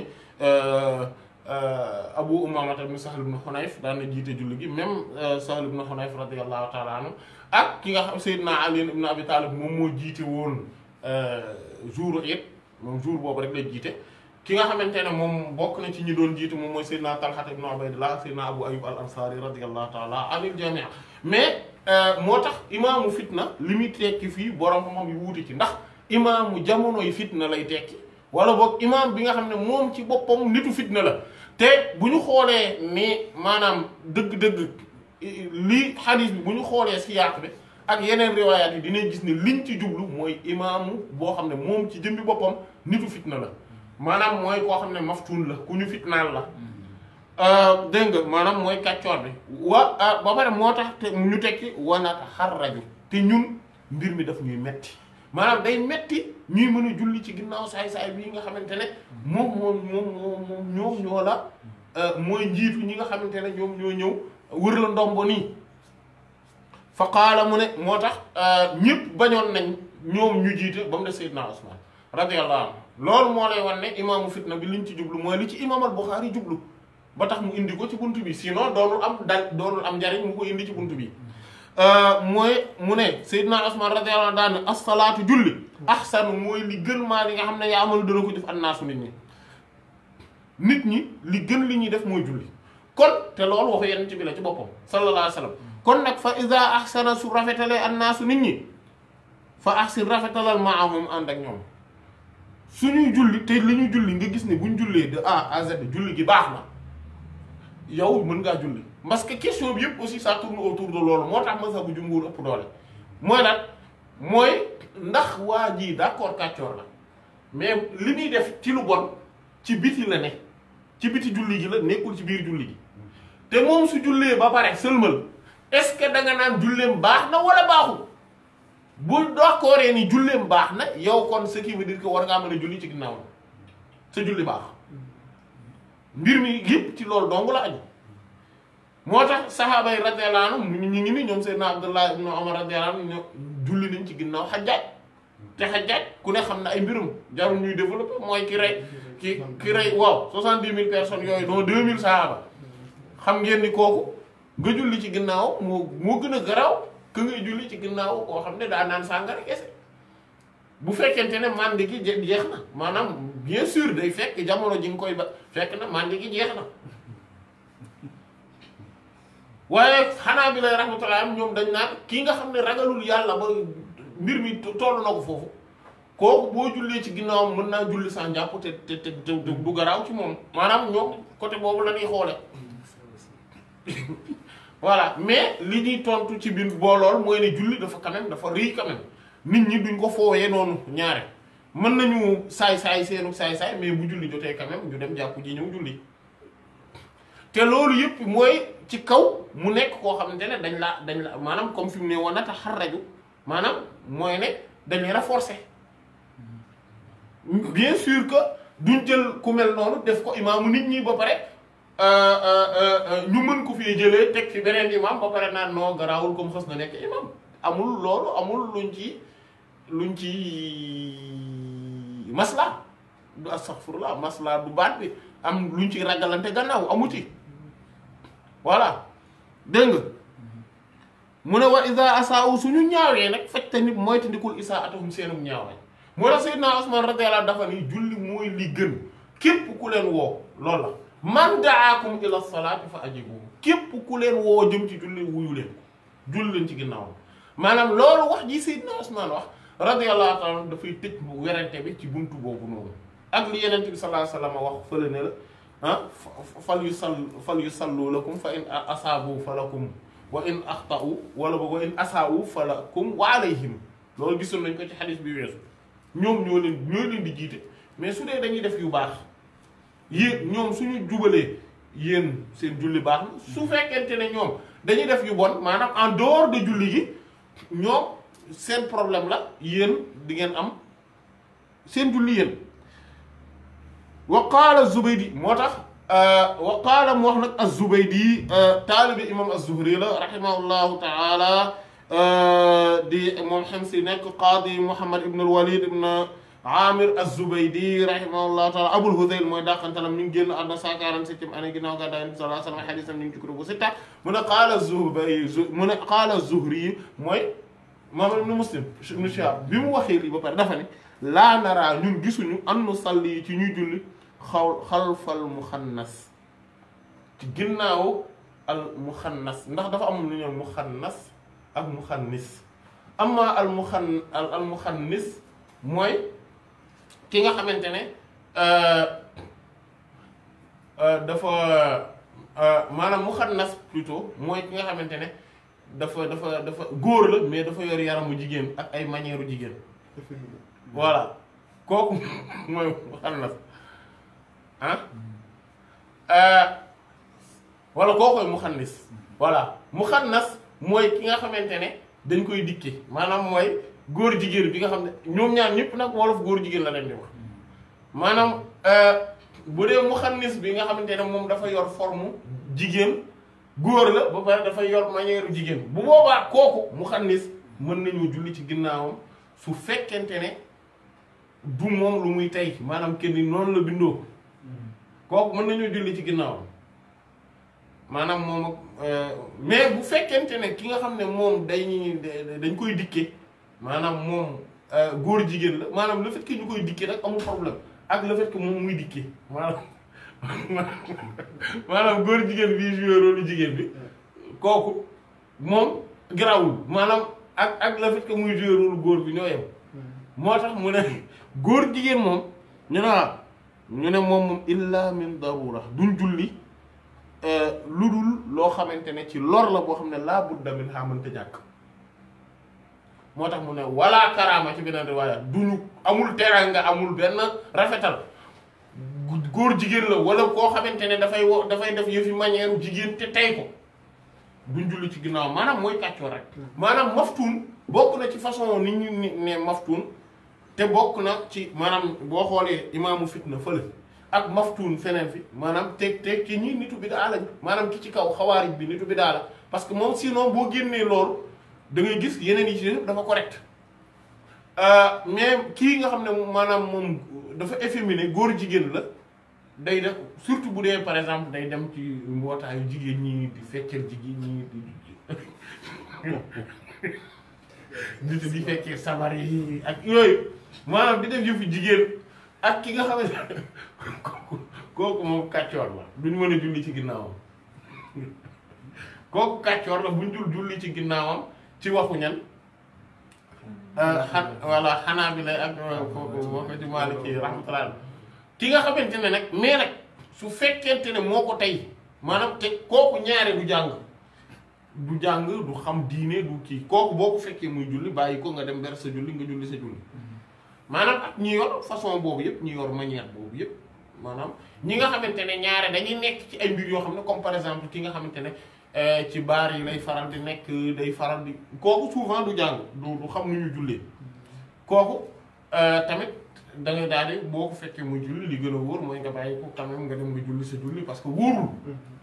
Euh, Abu Umaamata ibn Sahl ibn Hunayf daan na jiite julli gi même euh, Sahl ibn Hunayf radiyallahu taala anhu ak ki nga xam Seydina Ali ibn Abi Talib moom moo jiite woon euh, jour it moom jour boobu rek lay jiite ki nga xamante ne moom bokk na ci ñu doon jiitu moom mooy Seydina Talha ibn Ubaydillah Seydina Abu Ayyub al Ansari radiyallahu taala anil jamia mais moo tax imaamu fitna li muy tekki fii borom xam-xam yu wuute ci ndax imaamu jamonoy fitna lay tekki wala boog imaam bi nga xam ne moom ci boppam nitu fitna la te bu ñu xoolee ni maanaam dëgg-dëgg lii xadis bi bu ñu xoolee si yàq bi ak yeneen riwaayaat yi dinañ gis ni liñ ci jublu mooy imaamu boo xam ne moom ci jëmbi boppam nitu fitna la maanaam mooy koo xam ne maftun la ku ñu fitnaal la euh, dégg nga maanaam mooy kàccoor bi wa euh, ba pare moo tax te ñu tekki wanata xar rajo te ñun mbir mi daf ñuy metti maanaam day metti ñuy mën a julli ci ginnaaw saay-saay bii nga xamante ne moom moom moom moom ñoom ñoo la euh, mooy njiitu ñi nga xamante ne ñoom ñëw wër la ndombo nii mu ne moo tax euh, ñëpp bañoon nañ ñoom ñu jiite ba mu def Seydina Usmaan radiyallahu anhu loolu moo lay wan ne imaamu fitna bi liñ ci jublu mooy li ci imaam al Buxaari jublu ba tax mu indi ko ci bunt bi sinon doonul am dal doonul am njariñ mu ko indi ci bunt bi Euh, mooy mu ne Seydina Usmaan radiyallaahu anhu daane as-salaatu julli ahsanu mooy li gën maa li nga xam ne yaa amal dana ko def annaasu nit ñi nit ñi li gën li ñuy def mooy julli kon te loolu waxu yonent bi la ci boppam sallallaahu alayhi kon nag fa izaa ahsana su rafetalee annaasu nit ñi fa ahsin rafetalal maahum ànd ak ñoom suñuy julli te li ñuy julli nga gis ne buñ jullee de A à Z julli gi baax na yow mën ngaa julli parce que question bi yëpp aussi ça tourne autour de loolu moo tax mazhabu jumbour ëpp doole moy nak moy ndax waji d'accord kàccoor la mais limi def ci lu bon ci biti la ne ci biti julli gi la nekkul ci biir julli gi te mom su jullee ba pare seulmal est-ce que da nga nan julleem baax na wala baxu bu d'accordee ni julleem baax na yow kon ce qui veut dire que war nga mën a julli ci ginnaaw sa julli bax mbir mi yëpp ci lolu dong la aju moo tax saxaaba yi radiyallahu anhum ñu ngi ni ñoom Seydina Abdullah ibn a radiyallahu anhu julli nañ ci ginnaaw xajjaaj te xajjaaj ku ne xam na ay mbirum jarul ñuy développé mooy ki rey ki ki rey waaw soixante-dix mille personnes yooyu dont deux mille saxaaba xam ngeen ni kooku nga julli ci ginnaaw moo moo gën a garaaw que ngay julli ci ginnaaw koo xam ne daa naan sàngara kese bu fekkente ne màndi gi jeex na maanaam bien sûr day fekk jamono ji nga koy ba fekk na màndi gi jeex na waaye xanaa bi lay rahmatullahi am ñoom dañ naan kii nga xam ne ragalul yàlla ba mbir mi toll na foofu kooku boo jullee ci ginnaawam mën naa julli sans njàpp te te te du garaaw ci moom maanaam ñoom côté boobu la ñuy xoole <laughs> voilà mais li ñuy tontu ci biir boolool mooy ne julli dafa quand même dafa rëy quand nit ñi duñ ko foowee noonu ñaare mën nañu saay saay seenu saay saay mais bu julli jotee quand même ñu dem jàpp ji ñëw julli te loolu yëpp mooy ci kaw mu nekk koo xam ne dañ laa dañ la maanaam comme fi mu ne woon na tax xarraju maanaam mooy ne dañuy renforcer bien sûr que duñ jël ku mel noonu def ko imaamu nit ñi ba pare euh, euh, euh, ñu mën ko fii jëlee teg fi beneen imaam ba pare naan noo garaawul comme fas na nekk imaam amul loolu amul luñ ci luñ ci masla du astaghfirullah masla du baat bi am luñ ci ragalante gannaaw amu ci voilà dégg nga mm-hmm. mu ne wa isa asaaw suñu ñaawee nag fajte nit moytandikul isaa atahum seenum ñaawee moo tax Seydina Usmaan radiyallaahu anhu dafa ni julli mooy li gën képp ku leen woo lool la man daakum ila salaati fa ajibu képp ku leen woo jëm ci julli wuyu leen ko julli leen ci ginnaaw maanaam loolu wax ji Seydina Usmaan wax radiyallaahu taala dafay tëj bu werante bi ci buntu boobu noonu ak li Yonent bi sallallaahu alayhi wa sallam wax fële ne la ah fal yu sal fal yu sallu lakum fa in asaabu fa lakum wa in axtau wala wa in asaawu fala lakum wa alayhim loolu gisoon nañ ko ci xadis bi weesu ñoom ñoo leen ñoo leen di jiite mais su dee dañuy def yu baax yéen ñoom suñu jubalee yéen seen julli baax na su fekkente ne ñoom dañuy def yu bon maanaam en door de julli gi ñoom seen problème la yéen dingeen am seen julli yéen وقال الزبيدي موتا آه وقال محمد الزبيدي آه طالب امام الزهري رحمه الله تعالى آه دي امام حمصي نيك قاضي محمد ابن الوليد ابن عامر الزبيدي رحمه الله تعالى ابو الهذيل موي داخنتلام ني ген عندنا 147 اني غيناو غدا ان صلاه سلام حديثا ني تكرو سته من قال الزهري من قال الزهري موي مام ابن مسلم شيخ نشاب بيم واخي ري با بار دا لا نرى ني غيسو ني ان نصلي تي ني جولي xaw xalfal muxannas ci ginnaaw al muxannas ndax dafa am lu ñu muxannas ak muxannis amma al muxan al al muxannis mooy ki nga xamante ne euh, euh, dafa euh, maanaam muxannas plutôt mooy ki nga xamante ne dafa dafa dafa góor la mais dafa yor yaramu jigéen ak ay manière jigéen voilà kooku <laughs> mooy muxannas ah wala koo koy muxannis voilà muxannas mooy ki nga xamante ne dañ koy dikke maanaam mooy góor jigéen bi nga xam ne ñoom ñaar ñëpp nag wolof góor jigéen la leen di wax maanaam euh, bu dee muxannis bi nga xamante ne moom dafa yor forme jigéen góor la ba pare dafa yor manière jigéen bu boobaa kooku muxannis mën nañoo julli ci ginnaawam su fekkente ne du moom lu muy tey maanaam kenn noonu la bindoo kooku mën nañoo julli ci ginnaawam maanaam moom ak euh, mais bu fekkente ne ki nga xam ne moom day dañ koy dikke maanaam moom euh, góor jigéen la maanaam le fait ñu koy dikke rek amul problème ak le fait muy dikke maanaam <laughs> maanaam góor jigéen bi joué rôle jigéen bi kooku moom garaawul maanaam ak ak le muy joué rôle góor bi ñoo yem hmm. moo tax mu ne góor jigéen moom ñu naa ñu ne moom moom illa min darura duñ julli euh, lu dul loo xamante ne ci lor la boo xam ne laa budda min xamante ñàkk moo tax mu ne wala karaama ci beneen riwaaya duñu amul nga amul benn rafetal góor jigéen la wala koo xamante ne dafay wo dafay def yëfi manière jigéen te tey ko duñ julli ci ginnaaw maanaam mooy kàccoo rek hmm. maanaam maftuun bokk na ci façon nit ñu ne maftuun te bokk na ci maanaam boo xoolee imaamu fitna fële ak maftuun feneen fi maanaam teg teg ci ñi nitu bidaa lañ maanaam ki ci kaw xawaarij bi nitu bi la parce que moom sinon boo génnee loolu da ngay gis yeneen yi ci yëpp dafa correct euh, mais kii nga xam ne maanaam moom dafa efféminé góor jigéen la day def surtout bu dee par exemple day dem ci mbootaayu jigéen ñi di feccal jigéen ñi di <laughs> di fekkee sabar yi ak yooyu maanaam di def yëfu jigéen ak ki nga xam kooku moom kàccoor la duñ ma a julli ci ginnaawam kooku kàccoor la buñ dul julli ci ginnaawam ci waxu ñan euh, xan voilà xanaa bi lay ak kooku wax ci Maalik yi rahmatullah ki nga xamante ne nag mais nag su te ne moo ko tey maanaam te kooku ñaare du jàng du jàng du xam diine du kii kooku boo ko fekkee muy julli bàyyi ko nga dem ber sa julli nga julli sa julli maanaam ak ñu yor façon boobu yëpp ñu yor manière boobu yëpp maanaam ñi nga xamante ne ñaare dañuy nekk ci ay mbir yoo xam ne comme par exemple ki nga xamante ne euh, ci baar yi lay faral di nekk day faral di kooku souvent du jàng du du xam nu ñu jullee kooku euh, tamit da ngay daal di boo ko fekkee muy julli li gën a wóor mooy nga bàyyi ko quand nga dem nga julli sa julli parce que wóorul. Mm-hmm.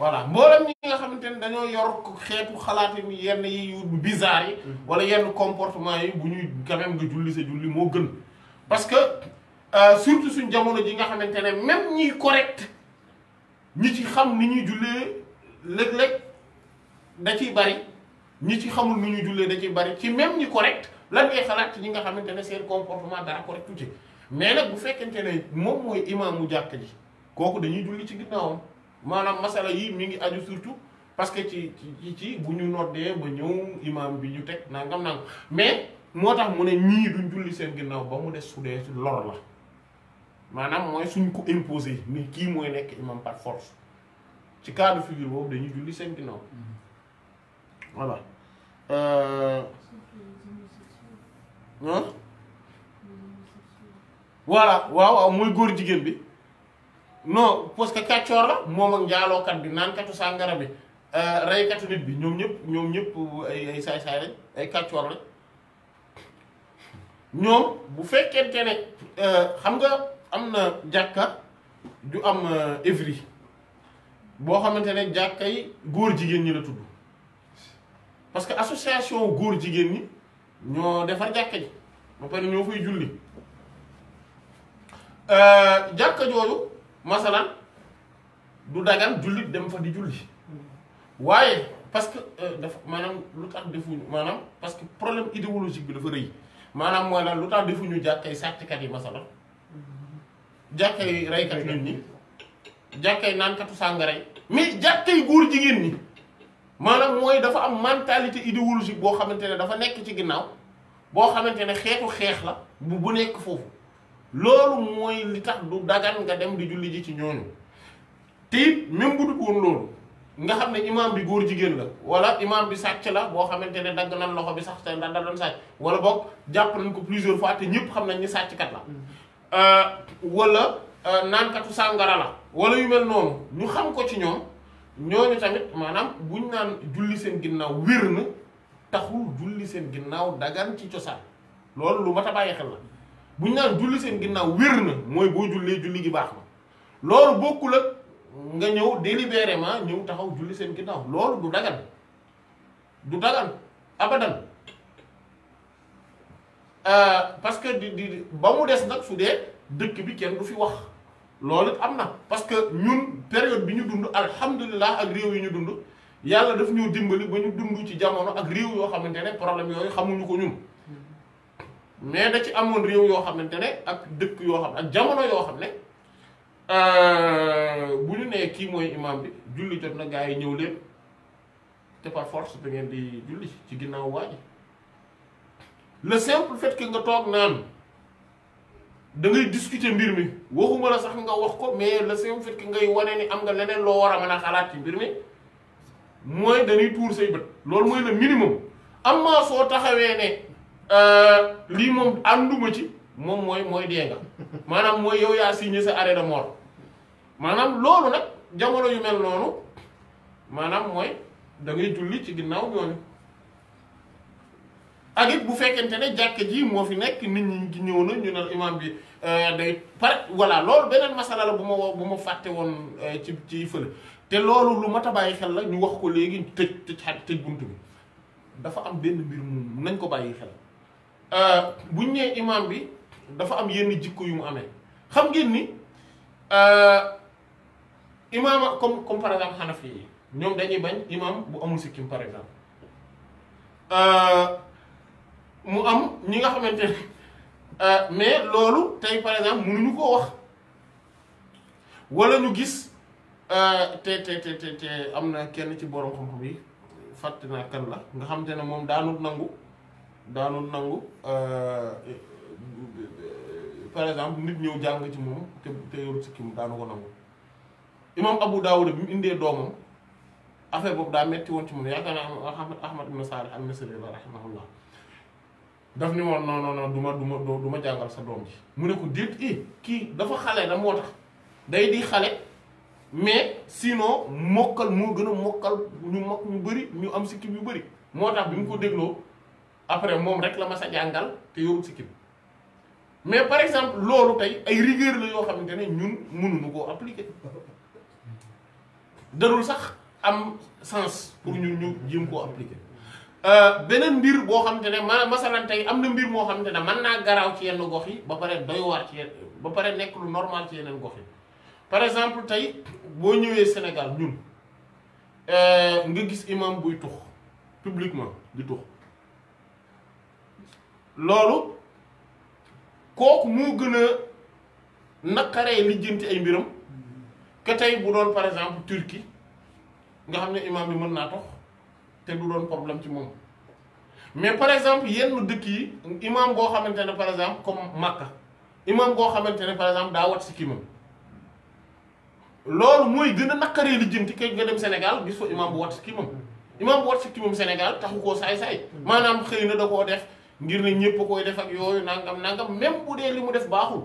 voilà mboolem ñi nga xamante ne dañoo yor xeetu xalaat yi yenn yi yu yi. Mhm. wala yenn comportement yi bu ñuy quand même nga julli sa julli moo gën. parce que euh, surtout suñ jamono ji nga xamante ne même ñi correct ñi ci xam ni ñuy jullee léeg-léeg da ciy bari ñi ci xamul ni ñuy jullee da ciy bari ci même ñi correct lan ngay xalaat ci ñi nga xamante ne seen comportement dara correct tuuti mais nag bu fekkente ne moom mooy imaamu jàkk ji kooku dañuy julli ci ginnaawam. maanaam masala yii mu ngi aju surtout parce que ci ci ci bu ñu noddee ba ñëw imaam bi ñu teg nangam nangam mais moo tax mu ne ñii duñ julli seen ginnaaw ba mu des su dee lor la maanaam mooy suñ ko imposé ni kii mooy nekk imam par force ci cas de boobu dañuy julli seen ginnaaw voilà. Euh, voilà waaw waaw mooy góor jigéen bi. non parce que kàccoor la moom ak njaalookat bi naan naankatu sàngara bi euh, reykatu nit bi ñoom ñëpp ñoom ñëpp ay ay saay-saay lañ ay kàccoor lañ ñoom bu fekkee ne euh, xam nga am na jàkka ju am euh, évri boo xamante ne jàkka yi góor jigéen ñi la tudd parce que association góor jigéen ñi ñoo defar jàkka ji ba pare ñoo fay julli jàkka jooju masalan du dagan jullit dem fa di julli waaye parce que euh, dafa maanaam lu tax defuñu maanaam parce que problème idéologique bi dafa rëy maanaam mooy lan lu tax defuñu jàkkay sàcckat yi masalan jàkkay reykat nit ñi jàkkay naankatu sàngara yi mais jàkkay góor jigéen ñi maanaam mooy dafa am mentalité idéologique boo xamante ne dafa nekk ci ginnaaw boo xamante ne xeetu xeex la bu bu nekk foofu loolu mooy li tax du dagan nga dem di julli ji ci ñooñu te it même bu dul woon loolu nga xam ne imaam bi góor jigéen la wala imaam bi sàcc la boo xamante ne dagg nan loxo bi sax te da doon sàcc wala boog jàpp nañ ko plusieurs fois te ñëpp xam nañ ni sàcckat la euh, wala euh, naankatu sàngara la wala yu mel noonu ñu xam ko ci ñoom ñooñu tamit maanaam buñ naan julli seen ginnaaw wér na taxul julli seen ginnaaw dagan ci cosaan loolu lu mat a bàyyi xel la bu ñu naan julli seen ginnaaw wér na mooy boo jullee julli gi baax na loolu bokkul ak nga ñëw délibérément ñëw taxaw julli seen ginnaaw loolu du dagan du dagan abadan euh, parce que di di ba mu des nag su dee dëkk bi kenn du fi wax loolu am na parce que ñun période bi ñu dund alhamdulilah ak réew yi ñu dund yàlla daf ñoo dimbali ba ñu dund ci jamono ak réew yoo xamante ne problème yooyu xamuñu ko ñun mais da ci amone rew yo xamantene ak dekk yo xam ak jamono yo xam ne euh, bu ñu nee kii imam bi julli jot na gaay ñew leen té par force da ngeen di julli ci ginnaw waaji le simple fait que nga tok naan da ngay discuter mbir mi waxuma la sax nga wax ko mais le simple fait que ngay wane ni am nga leneen lo wara mëna xalaat ci mbir mi moy dañuy tour say bët lool moy le minimum amma so taxawé né ne. Euh, lii moom ànduma ci moom mooy mooy dee nga maanaam mooy yow yaa signé sa arrêt de mort maanaam loolu nag jamono yu mel noonu maanaam mooy dangay ngay julli ci ginnaaw ñooñu ak it bu fekkente ne jàkka ji moo fi nekk nit ñi ñëw na ñu ne imaam bi euh, day pare voilà loolu beneen masala la bu ma bu ma fàtte woon euh, ci ci fële te loolu lu mat a bàyyi xel la ñu wax ko léegi tëj tëj tëj bunt bi dafa am benn mbir moom nañ ko bàyyi xel Euh, buñ nee imam bi dafa am yenn jikko yu mu amee xam ngeen ni euh, imaam comme comme par exemple xanafi yi ñoom dañuy bañ imam bu amul sikkim pare exemple euh, mu am ñi nga xamante ne mais loolu tey par exemple mënuñu wax wala ñu gis te te te te te am na kenn ci borom xam bi yi fàtte naa kan la nga xamante ne moom daanul nangu. daanu nangu euh, par exemple nit ñëw jàng ci moom te te yorut si kim daanu ko nangu imam Abu Daawud bi mu indee doomam affaire boobu daa metti woon ci moom yaakaar naa Ahmad Ahmad ibn Saalih al-Misri rahimahullah daf ni woon non non non du ma du ma du ma jàngal sa doom ji mu ne ko déet i eh, kii dafa xale da moo tax day di xale mais sinon mokkal moo gën a mokkal ñu mag ñu bëri ñu am sikkim yu bari moo tax bi mu ko dégloo après moom rek la ma sa jàngal te yorul sikkim mais par exemple loolu tey ay rigueur la yoo xamante ne ñun mënuñu koo appliquer darul sax am sens pour ñun ñu jéem koo appliquer euh, beneen mbir boo xamante ne ma masalan tey am na mbir moo xamante ne mën naa garaaw ci yenn gox yi ba pare doy waar ci yenn ba pare nekk lu normal ci gox yi par exemple tey boo ñëwee Sénégal ñun euh, nga gis imam buy tux publiquement di tux loolu kooku moo gën a naqaree lijjanti ay mbiram que bu doon par exemple Turquie nga xam ne imaam bi mën naa tox te du doon problème ci moom mais par exemple yenn dëkk yi imaam boo xamante ne par exemple comme Makka imaam boo xamante ne par exemple daa wat si kii moom loolu mooy gën a naqaree lijjanti kay nga dem Sénégal gis fa imaam bu wat si kii moom imaam bu wat si kii moom Sénégal taxu ko saay-saay maanaam xëy na da koo def. ngir ne ñëpp koy def ak yooyu nangam nangam même bu dee li mu def baaxul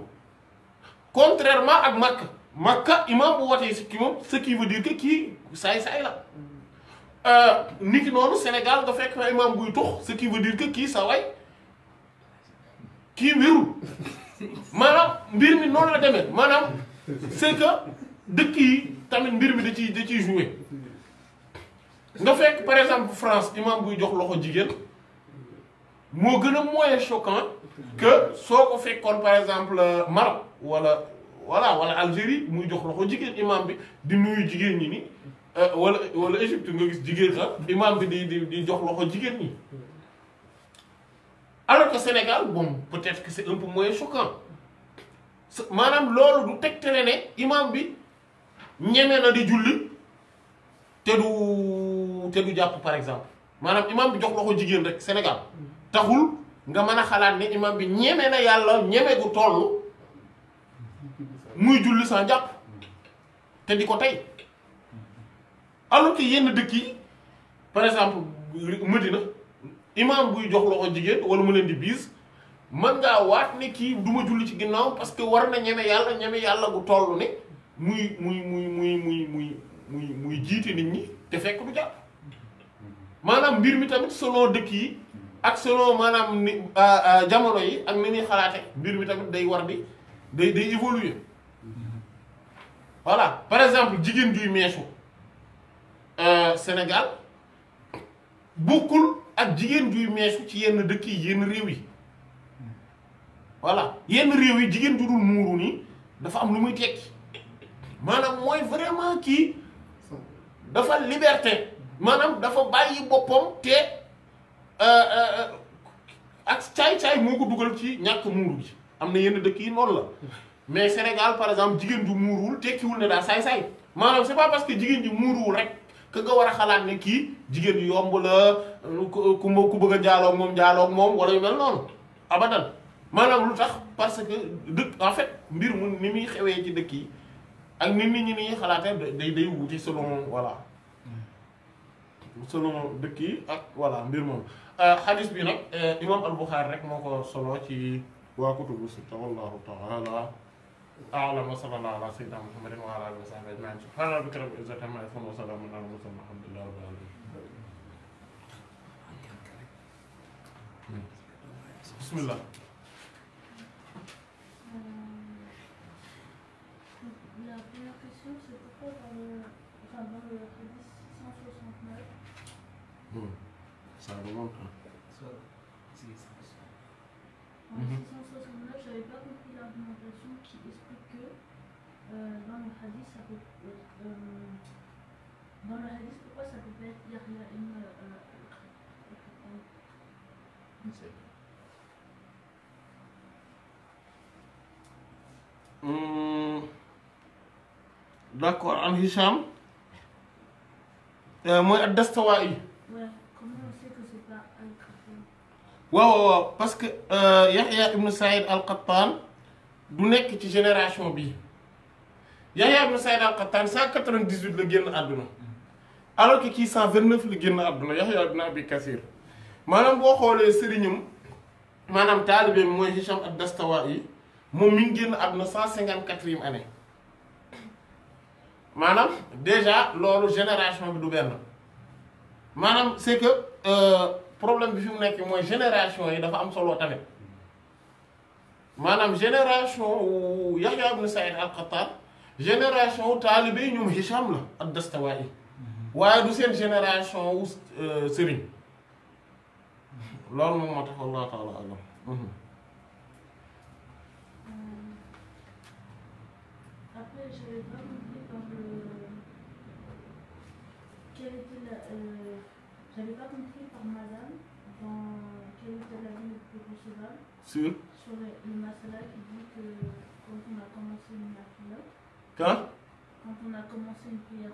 contrairement ak Makka Makka imam bu watee sikki moom ce qui veut dire que kii saay-saay la euh, nit ki noonu Sénégal nga fekk fa imam buy tux ce kii sa kii wérul mbir mi noonu la maanaam c'est dëkk yi tamit mbir mi da ciy da nga fekk par exemple France imam buy jox loxo jigéen moo gën a choquant que qu'on fait comme par exemple Maroc wala voilà wala Algérie muy jox loxo jigéen imam bi di nuyu jigéen ñi ni euh, wala wala Égypte nga gis jigéen sax imam bi di di di jox loxo jigéen ni alors que Sénégal bon peut-être que c'est un peu moins choquant maanaam loolu du texte ne imam bi ñeme na di julli t'es du t'es du jàpp par exemple maanaam imam bi jox loxo jigéen rek Sénégal taxul nga mën a xalaat ne imam bi ñeme na yàlla ñeme gu toll muy julli sans jàpp te di ko tey alors que yenn dëkk yi par exemple Medina imam buy jox loxo jigéen wala mu leen di biis man ngaa waat ne kii du ma julli ci ginnaaw parce que war na ñeme yàlla ñeme yàlla gu toll ne muy muy muy muy muy muy muy muy jiite nit ñi te fekk du jàpp maanaam mbir mi tamit selon dëkk yi. ak selon manam ni euh, euh, jamono yi ak mini ñuy xalaate mbir tamit day war di day day évoluer voilà par exemple jigéen juy euh Sénégal bokkul ak jigéen juy meesu ci yenn dëkk yi yenn réew yi voilà yenn réew yi jigéen ju dul muuru nii dafa am lu muy tekki manam moy vraiment ki dafa liberté manam dafa bayyi bopom té Euh, euh, ak caay-caay moo ko dugal ci ñàkk muuru gi am na yenn dëkk yi noonu la mais Sénégal par exemple jigéen ju muuruwul tekkiwul ne daa saay-saay maanaam c'est pas parce que jigéen ji muuruwul rek que nga war a xalaat ne kii jigéen yu yomb la ku ku bëgg a njaaloog moom njaaloog moom wala yu mel noonu abadan maanaam lu tax parce que dëkk en fait mbir mu ni muy xewee ci dëkk yi ak nit ñi ni ñuy xalaatee day day wuute selon voilà selon de qui ak voilà mbir mom euh hadith bi nak euh imam al-Bukhari rek moko solo ci wa kutubu sitta wallahu taala a'lam wa sallallahu ala sayyidina muhammadin wa ala alihi wa sahbihi ajma'in subhana rabbika rabbil izzati amma yasifun wa salamun ala mursalin alhamdulillahi rabbil alamin bismillah La première question, c'est pourquoi dans le, enfin, Hmm. Ça remonte. Hein. So, c'est en 1669, je n'avais pas compris l'argumentation qui explique que euh, dans le hadith, ça peut, euh, euh, dans le hadith, pourquoi ça peut pas être Yahya ibn euh, al hmm. D'accord, en Hisham, euh, moi, Ad-Dastawa'i. waaw waaw parce que euh, Yahya ibn Saïd al-Qattan du nekk ci génération bi Yahya ibn Saïd al-Qattan 198 la génn àdduna alors que kii 129 la génn àdduna Yahya ibn Abi Kathir maanaam boo xoolee sëriñam maanaam taalibeem mooy Hisham ad yi moom mi ngi génn àdduna 154e année maanaam déjà loolu génération bi du benn maanaam c'est que. Euh, problème bi fi mu nekk mooy génération yi dafa am solo tamit manam génération Yahya ibn Sa'id al-Qattan génération talibé ñum Hisham la ad-dastawai waye du sen génération wu sëriñ loolu moom moo Allah taala alam après j'avais j'avais pas compris Sur le masala qui dit que quand on a commencé une prière. Quand Quand on a commencé une prière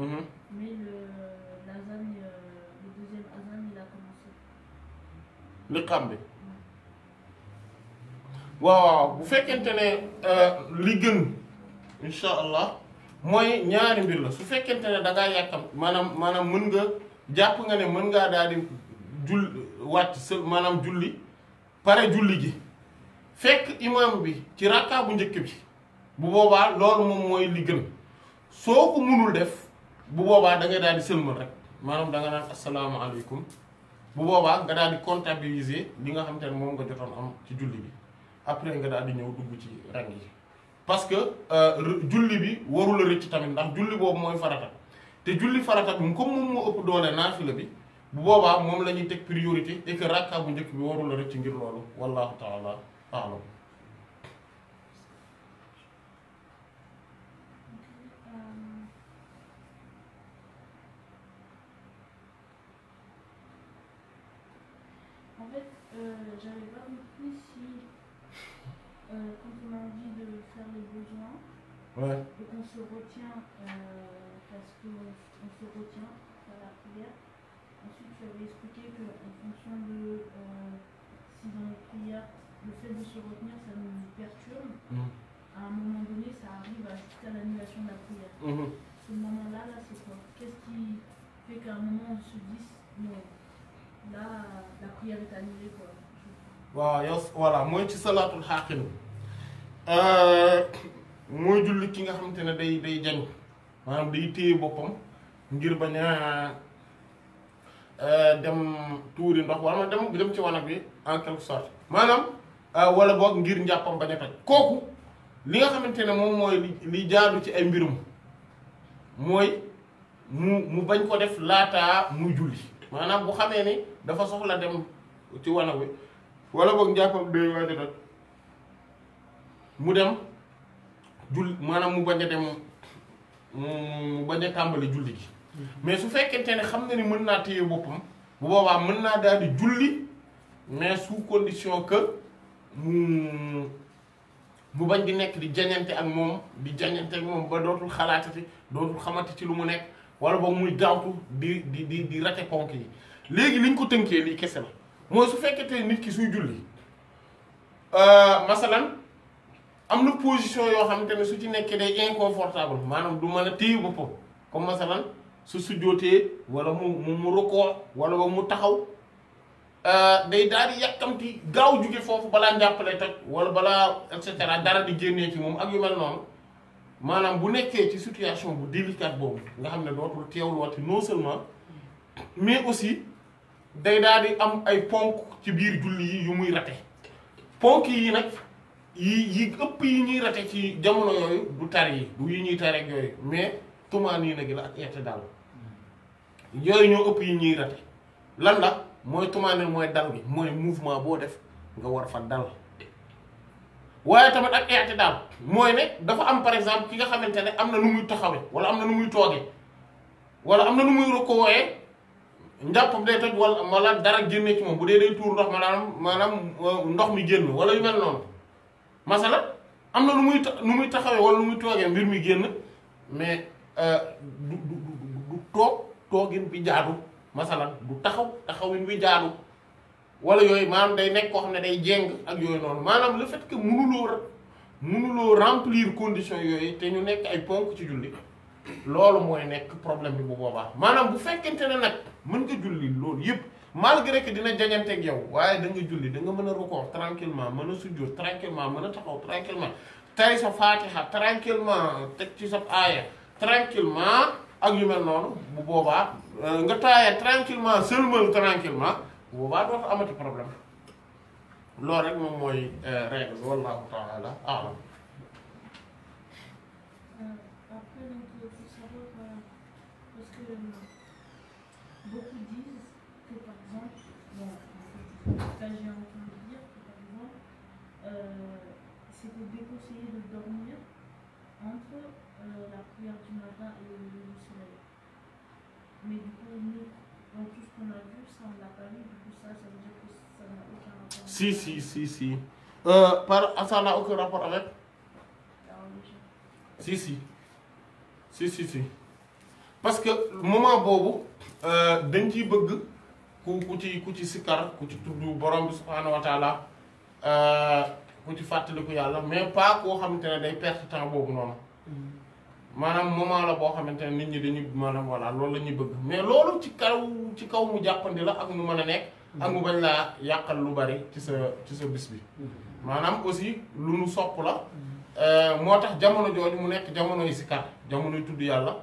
mm-hmm. mais le, euh, le deuxième azan, il a commencé. Le Kambé. waouh vous faites tenait ligne Inch'Allah. moi ñaari mbir faites Vous da munga madame nga pare julli ji fekk imaam bi ci rakka bu njëkk bi bu boobaa loolu moom mooy li gën soo ko munul def bu boobaa da ngay daal di sëlmal rek maanaam da nga naan asalaamaaleykum bu boobaa nga daal di comptabiliser li nga xam te ne moom nga jotoon am ci julli bi après nga daal di ñëw dugg ci rang yi parce que euh, julli bi warul a rëcc tamit ndax julli boobu mooy farata te julli farata bi comme moom moo ëpp doole naafila bi. bu boobaa moom la ñuy teg et que rakka bu njëkk bi warul la rek ci ngir loolu wallahu taala aalam En fait, euh, j'avais pas compris si euh, quand on a envie de faire les besoins ouais. et qu'on se retient euh, parce qu'on se retient à la prière, Ensuite, tu avais expliqué qu'en fonction de euh, si dans la prière, le fait de se retenir, ça nous perturbe, mhm. à un moment donné, ça arrive à l'annulation de la prière. Mhm. Ce moment-là, là, c'est quoi Qu'est-ce qui fait qu'à un moment, on se dise, non, là, la prière est annulée, quoi waaw moi voilà mooy ci salaatul le euh, mooy julli ki nga le ne day day jañ maanaam day téye boppam ngir bañ Euh, dem tuuri ndox wala dem dem ci wanag bi en quelque sorte maanaam euh, wala boog ngir njàppam bañ a kooku li nga xamante ne moom mooy li jaadu ci ay mbirum mooy mu mu bañ ko def laata muy julli maanaam bu xamee ni dafa soxla dem ci wanag wala boog njàppam day mu dem julli maanaam mu bañ a dem mu bañ a tàmbali julli gi mais su fekkente ne xam na ni mën naa téye boppam bu boobaa mën naa daal di julli mais sous condition que mu mu bañ di nekk di jañante ak moom di jañante ak moom ba dootul xalaatati dootul xamati ci lu mu nekk wala ba muy daawtu di di di di rate ponk yi léegi liñ ko tënkee lii kese la mooy su fekkente nit ki suy julli euh, masalan am na position yoo xamante ne su ci nekkee day inconfortable maanaam du mën a téye boppam comme masalan su sujjootee wala mu mu rukkoo wala mu taxaw euh, day daal di yàkkamti gaaw jóge foofu balaa njàppale toj wala balaa et cetera dara di génnee ci moom ak yu mel noonu maanaam bu nekkee ci situation bu délicate boobu nga xam ne dootul teewul wati non seulement mais aussi day daal di am ay ponk ci biir julli yi yu muy rate ponk yi nag yi yi ëpp yi ñuy rate ci jamono yooyu du tar yi du yi ñuy tareeg yooyu mais tumaaniina gi la ak eete daal yooyu ñoo ëpp yi ñuy rate lan la mooy tumaane mooy dal gi mooy mouvement boo def nga war fa dal waaye tamit ak daal mooy ne dafa am par exemple ki nga xamante ne am na lu muy taxawee wala am na nu muy toogee wala am na nu muy rokkooyee njàppam day toj dara génne ci moom bu dee day tuur ndox maanaam maanaam euh, ndox mi génn wala yu mel noonu masala am na nu muy nu muy taxawee wala nu muy toogee mbir mi génn mais euh, du du du toog toogin bi jaadu masalan du taxaw taxawin wi jaadu wala yooyu maanaam day nekk koo xam ne day jéng ak yooyu noonu maanaam le fait que mënuloo munuloo remplir condition yooyu te ñu nekk ay ponk ci julli loolu mooy nekk problème bi bu boobaa maanaam bu fekkente ne nag mën nga julli loolu yëpp malgré que dina jañanteeg yow waaye da nga julli da nga mën a rukkoo tranquillement mën a sujjóot tranquillement mën a taxaw tranquillement tari sa faatiha tranquillement teg ci sa aaya tranquillement vous yu mel noonu bu vous euh, nga taayee tranquillement seulement tranquillement bu boobaa dootu amati problème loolu rek moom euh, règle savoir taala euh, que euh, beaucoup disent que par exemple, bon, j'ai entendu dire que par exemple, euh, c'était déconseillé de dormir entre la prière du matin et le mais du coup, nous, dans tout ce qu'on a vu, ça, on ne l'a pas vu. Du coup, ça, ça veut dire que ça n'a aucun rapport. Si, si, si, si. Euh, par, ah, ça n'a aucun rapport avec La religion. Si, si. Si, si, si. Parce que le moment bobu, euh, dañ ciy bëgg ku ku ci ku ci sikkar ku ci tudd borom bi subhaanahu wa taala euh, ku ci fàttaliku yàlla mais pas koo xamante ne day perte temps boobu noonu manam moment la bo xamantene nit ñi dañu manam wala loolu lañu bëgg mais loolu ci kaw ci kaw mu jappandi la ak nu mëna nek ak mu bañ la yaqal lu bari ci sa ci sa bis bi. manam aussi lu nu sopp la. euh motax jamono joju mu nekk jamono sikar jamonoy tudd yàlla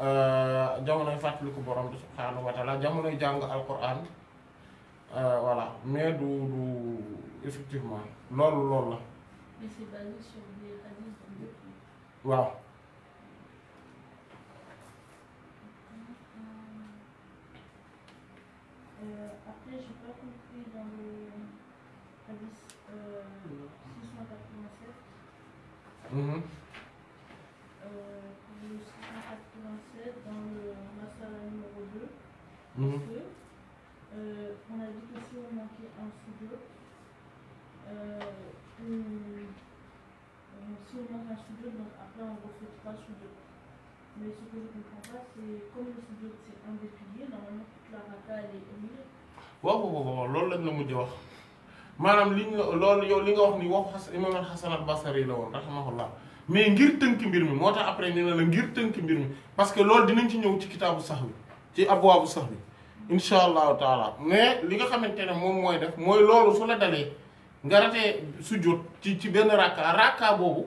euh, fatlu ko borom subhanahu wa taala jamono jang alquran euh, voilà mais du du effectivement loolu loolu la. wow Euh, après, je n'ai pas compris dans euh, euh, mhm. le 687. le 687, dans le massage numéro 2, mhm. parce on a dit que si on manquait un sous-bloc, si on manque un sous donc après on refait trois sous deux Mais ce que je ne comprends pas, c'est comme le sujjóot c'est un des piliers, normalement loolu lañ la mujj wax maanaam liñ la loolu yow li nga wax ni waxu imam al-Hasan al la woon rahimahullah mais ngir tënk mbir mi moo tax après nee na la ngir tënk mbir mi parce que loolu dinañ ci ñëw ci kitaabu sax bi ci abwaabu sax bi incha allahu taala mais li nga xamante ne moom mooy def mooy loolu su la dalee nga ratee sujjóot ci ci benn rakka rakka boobu.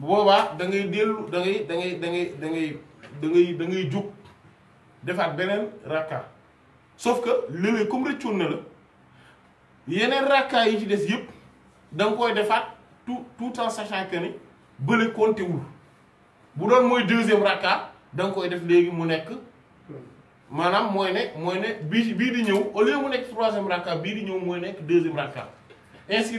boobaa da ngay dellu dangay ngay da ngay da ngay da da ngay da ngay jóg defaat beneen rakka sauf que léeg-léeg comme rëccoon na la yeneen rakka yi ci des yëpp da nga koy defaat tout tout en sachant que ni bële compté bu doon mooy deuxième rakka da nga koy def léegi mu nekk maanaam mooy ne mooy ne bii bii di ñëw au lieu mu nekk troisième rakka bii di ñëw mooy nekk deuxième rakka ainsi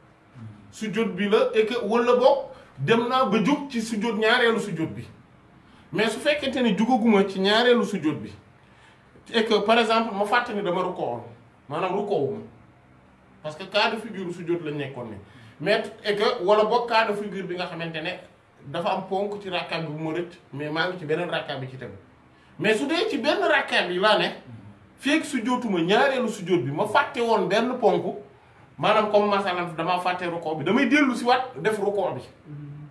sujjóot bi la et walla wala boog dem naa ba jug ci sujjóot ñaareelu sujjóot bi mais su fekkente ni jugaguma ci ñaareelu sujjóot bi et par exemple ma fàtte ni dama rukoowoon maanaam rukoowuma parce que cas de figure sujjóot lañ nekkoon ni mais wala boog cas de figure bi nga xamante ne dafa am ponk ci rakkaa bi bu ma rëcc mais maa ngi ci beneen rakkaa bi ci tegu mais su dee ci benn rakkaa bi laa ne fekk sujjóotuma ñaareelu sujjóot bi ma fàtte woon benn ponk maanaam comme masalan damaa fàtte rukkoo bi damay dellu si waat def rukkoo bi mhm.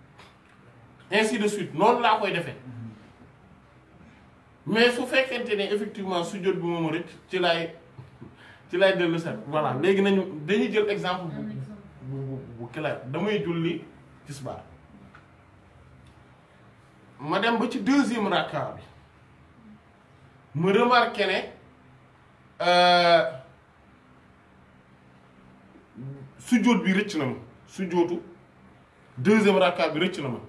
ainsi de suite noonu laa koy defee mhm. mais su fekkente ne effectivement su jot bi moom rek ci lay ci lay dellu set voilà mhm. léegi nañu dañuy jël exemple bu bu bu clair damay julli tisbaar ma dem ba ci deuxième rakka bi ma remarqué ne euh, sujoot bi rëcc na ma deuxième rakka bi rëcc na ma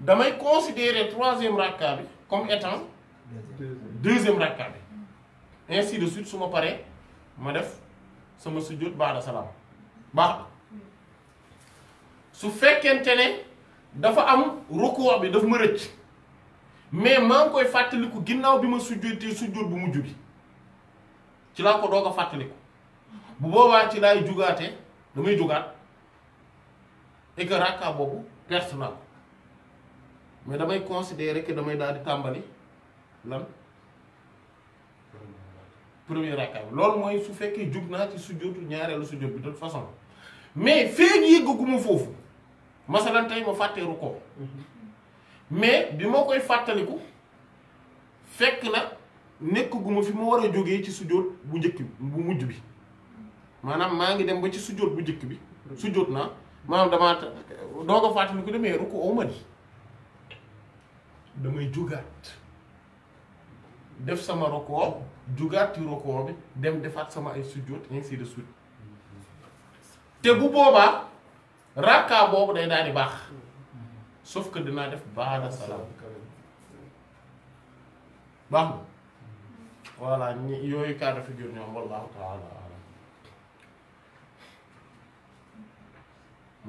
damay considérer troisième rakka bi comme étant deuxième rakka bi ainsi de suite su ma paree ma def sama sujoot baada salaam baax su fekkente ne dafa am recours bi daf ma rëcc mais maa ngi koy fàttaliku ginnaaw bi ma sujjóotee sujjóot bu mujj bi ci laa ko doog a fàttaliku bu boobaa ci laay jugaate damay jógaat et que boobu perte mais damay considérer que damay daal di tàmbali lan premier rakka bi loolu mooy su fekkee jóg naa ci sujjóotu ñaareelu sujjóot bi de façon mais feeñ yëgguma foofu masalan tey ma fàtteeru ko mais bi ma koy fàttaliku fekk na nekk guma fi mu war a jógee ci sujjóot bu njëkk bu mujj bi maanaam maa ngi dem ba ci sujjóot bu njëkk bi sujjóot naa maanaam damaa doog fàttali ko demee ruku awma di damay jugaat def sama ruku jugaat ci ruku bi dem defaat sama ay sujjóot ainsi de suite te bu boobaa rakka boobu day daal di baax sauf que dinaa def baada salaam baax na voilà ñi yooyu cas de figure ñoom wallahu taala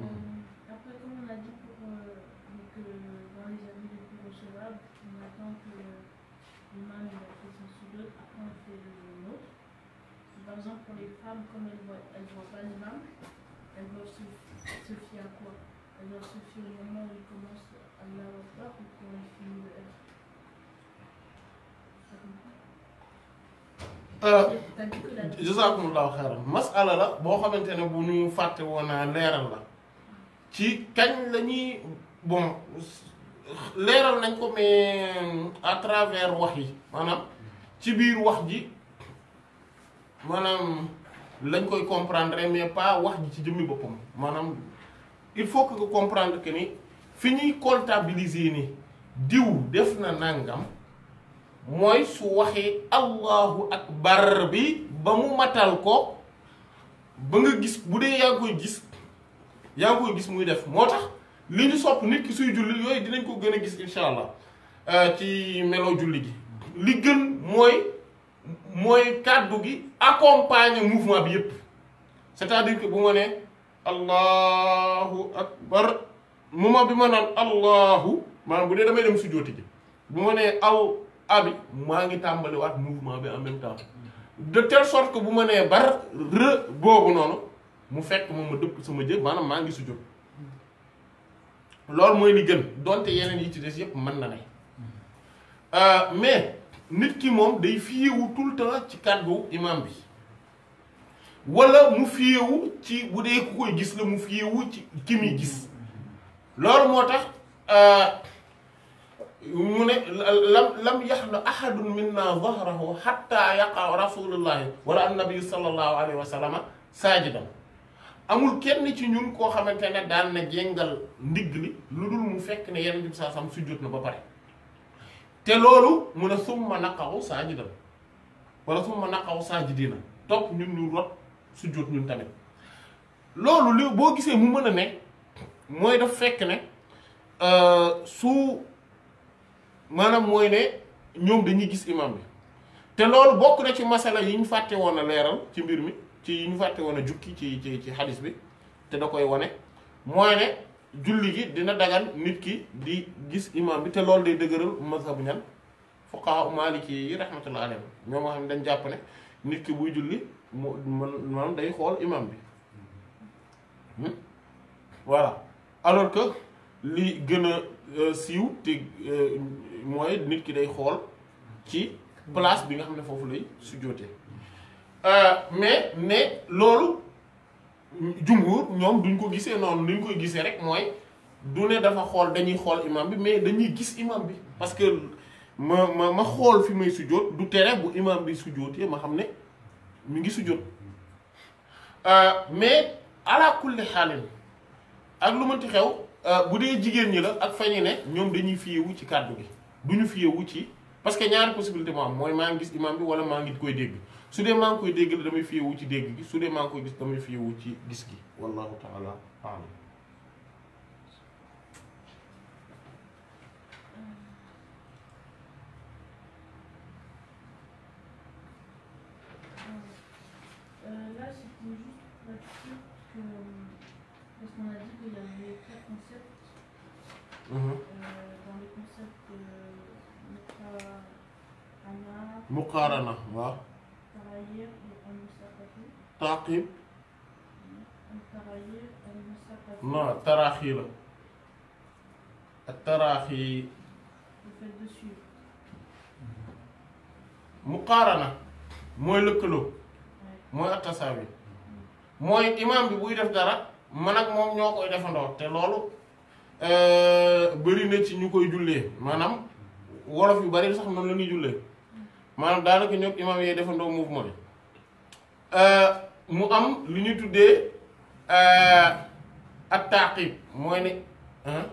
Mm. Après, comme on a dit pour, euh, dans les amis les plus recevables, on attend que l'imam fait son sujet, après on fait le nôtre. Par exemple, pour les femmes, comme elles ne voient, elles pas elles doivent se, se fier à quoi Elles doivent se fier au moment où à l'avoir ou ci kagn lañuy bon leral nañ ko mais à travers wax yi manam ci biir wax ji manam lañ koy comprendre mais pas wax ji ci jëmmi boppam manam il faut que ko comprendre que ni fini comptabiliser ni diw def na nangam moy su waxe allahu akbar bi ba mu matal ko ba nga gis budé ya koy gis yaa ngi koy gis muy def moo tax li ñu sopp nit ki suy julli yooyu dinañ ko gën a gis incha allah euh, ci melo julli gi li gën mooy mooy kàddu gi accompagner mouvement bi yépp c'est-à-dire bu ma nee allahu akbar moment bi ma naan allahu maanaam bu dee damay dem sujjóoti ji bu ma nee aw abi maa ngi tàmbaliwaat mouvement bi en même temps de telle ko bu ma nee bar rë boobu noonu mu fekk moom ma dëpp sama jë maanaam maa ngi sujjóot loolu mooy li gën donte yeneen yi ci des yépp mën na ne euh, mais nit ki moom day fiyewu tout le temps ci kàddu imam bi walla mu fiyewu ci bu dee ko koy gis la mu fiyewu ci ki muy gis lool moo tax euh, mu ne lam lam na ahadun minna zahrahu xatta yaqa rasulullahi wala am sallallahu alayhi wa sallama saajidan amul kenn ci ñun koo xamante ne daan na jéngal ndigg li lu dul mu fekk ne yeneen bi saa sam sujjóot na ba pare te loolu mu a summa naqawu saajidan wala summa naqawu saajidina topp ñun ñu rot sujjóot ñun tamit loolu li boo gisee mu mën a ne mooy daf fekk ne euh, su maanaam mooy ne ñoom dañuy gis imam bi te loolu bokk na ci masala yi ñu fàtte woon a leeral ci mbir mi ci yi ñu fàtte woon a jukki ci ci ci xadis bi te da koy wane mooy ne julli gi dina dagan nit ki di gis imam bi te loolu day dëgëral mazhabu ñan fuqaha maliki yi rahmatullah alayhim ñoom nga ne dañ jàpp nit ki buy julli mu maanaam day xool imam bi hmm? voilà alors que li gën a euh, siiw te euh, nit ki day xool ci place bi nga xam ne foofu lay sujjóotee Euh, mais ne loolu jumhur ñoom duñ ko gisee noonu li ñu koy gisee rek mooy du ne dafa xool dañuy xool imam bi mais dañuy gis imam bi parce que ma ma ma xool fi may sujjóot du tere bu imam bi sujjóotee ma xam ne mi ngi sujjóot euh, mais ala kulli xaalin ak lu mënti xew euh, bu dee jigéen ñi la ak fa ñu ne ñoom dañuy fiyewu ci kàddu gi du ñu fiyewu ci parce que ñaari possibilité moo am mooy maa ngi gis imam bi wala maa ngi koy dégg su dee maa ngi koy dégg la damay fiyewu ci dégg gi su dee koy gis damay fiyewu ci gis gi wallahu taala euh, parce qu'on a dit qu'il y avait quatre concepts mm-hmm. euh, dans le concept de Muqarana. Muqarana, taqib non taraaxi la ak taraaxi mm-hmm. na mooy lëkkaloo mooy attasaawi mooy imaam bi buy def dara man ak moom ñoo koy defandoo te loolu euh, bëri na ci ñu koy jullee maanaam wolof yu bari sax noonu la jullee maanaam daanaka ñoom imaam yee defandoo mouvement yi euh, mu am lu ñu tuddee euh, ak moy mooy hein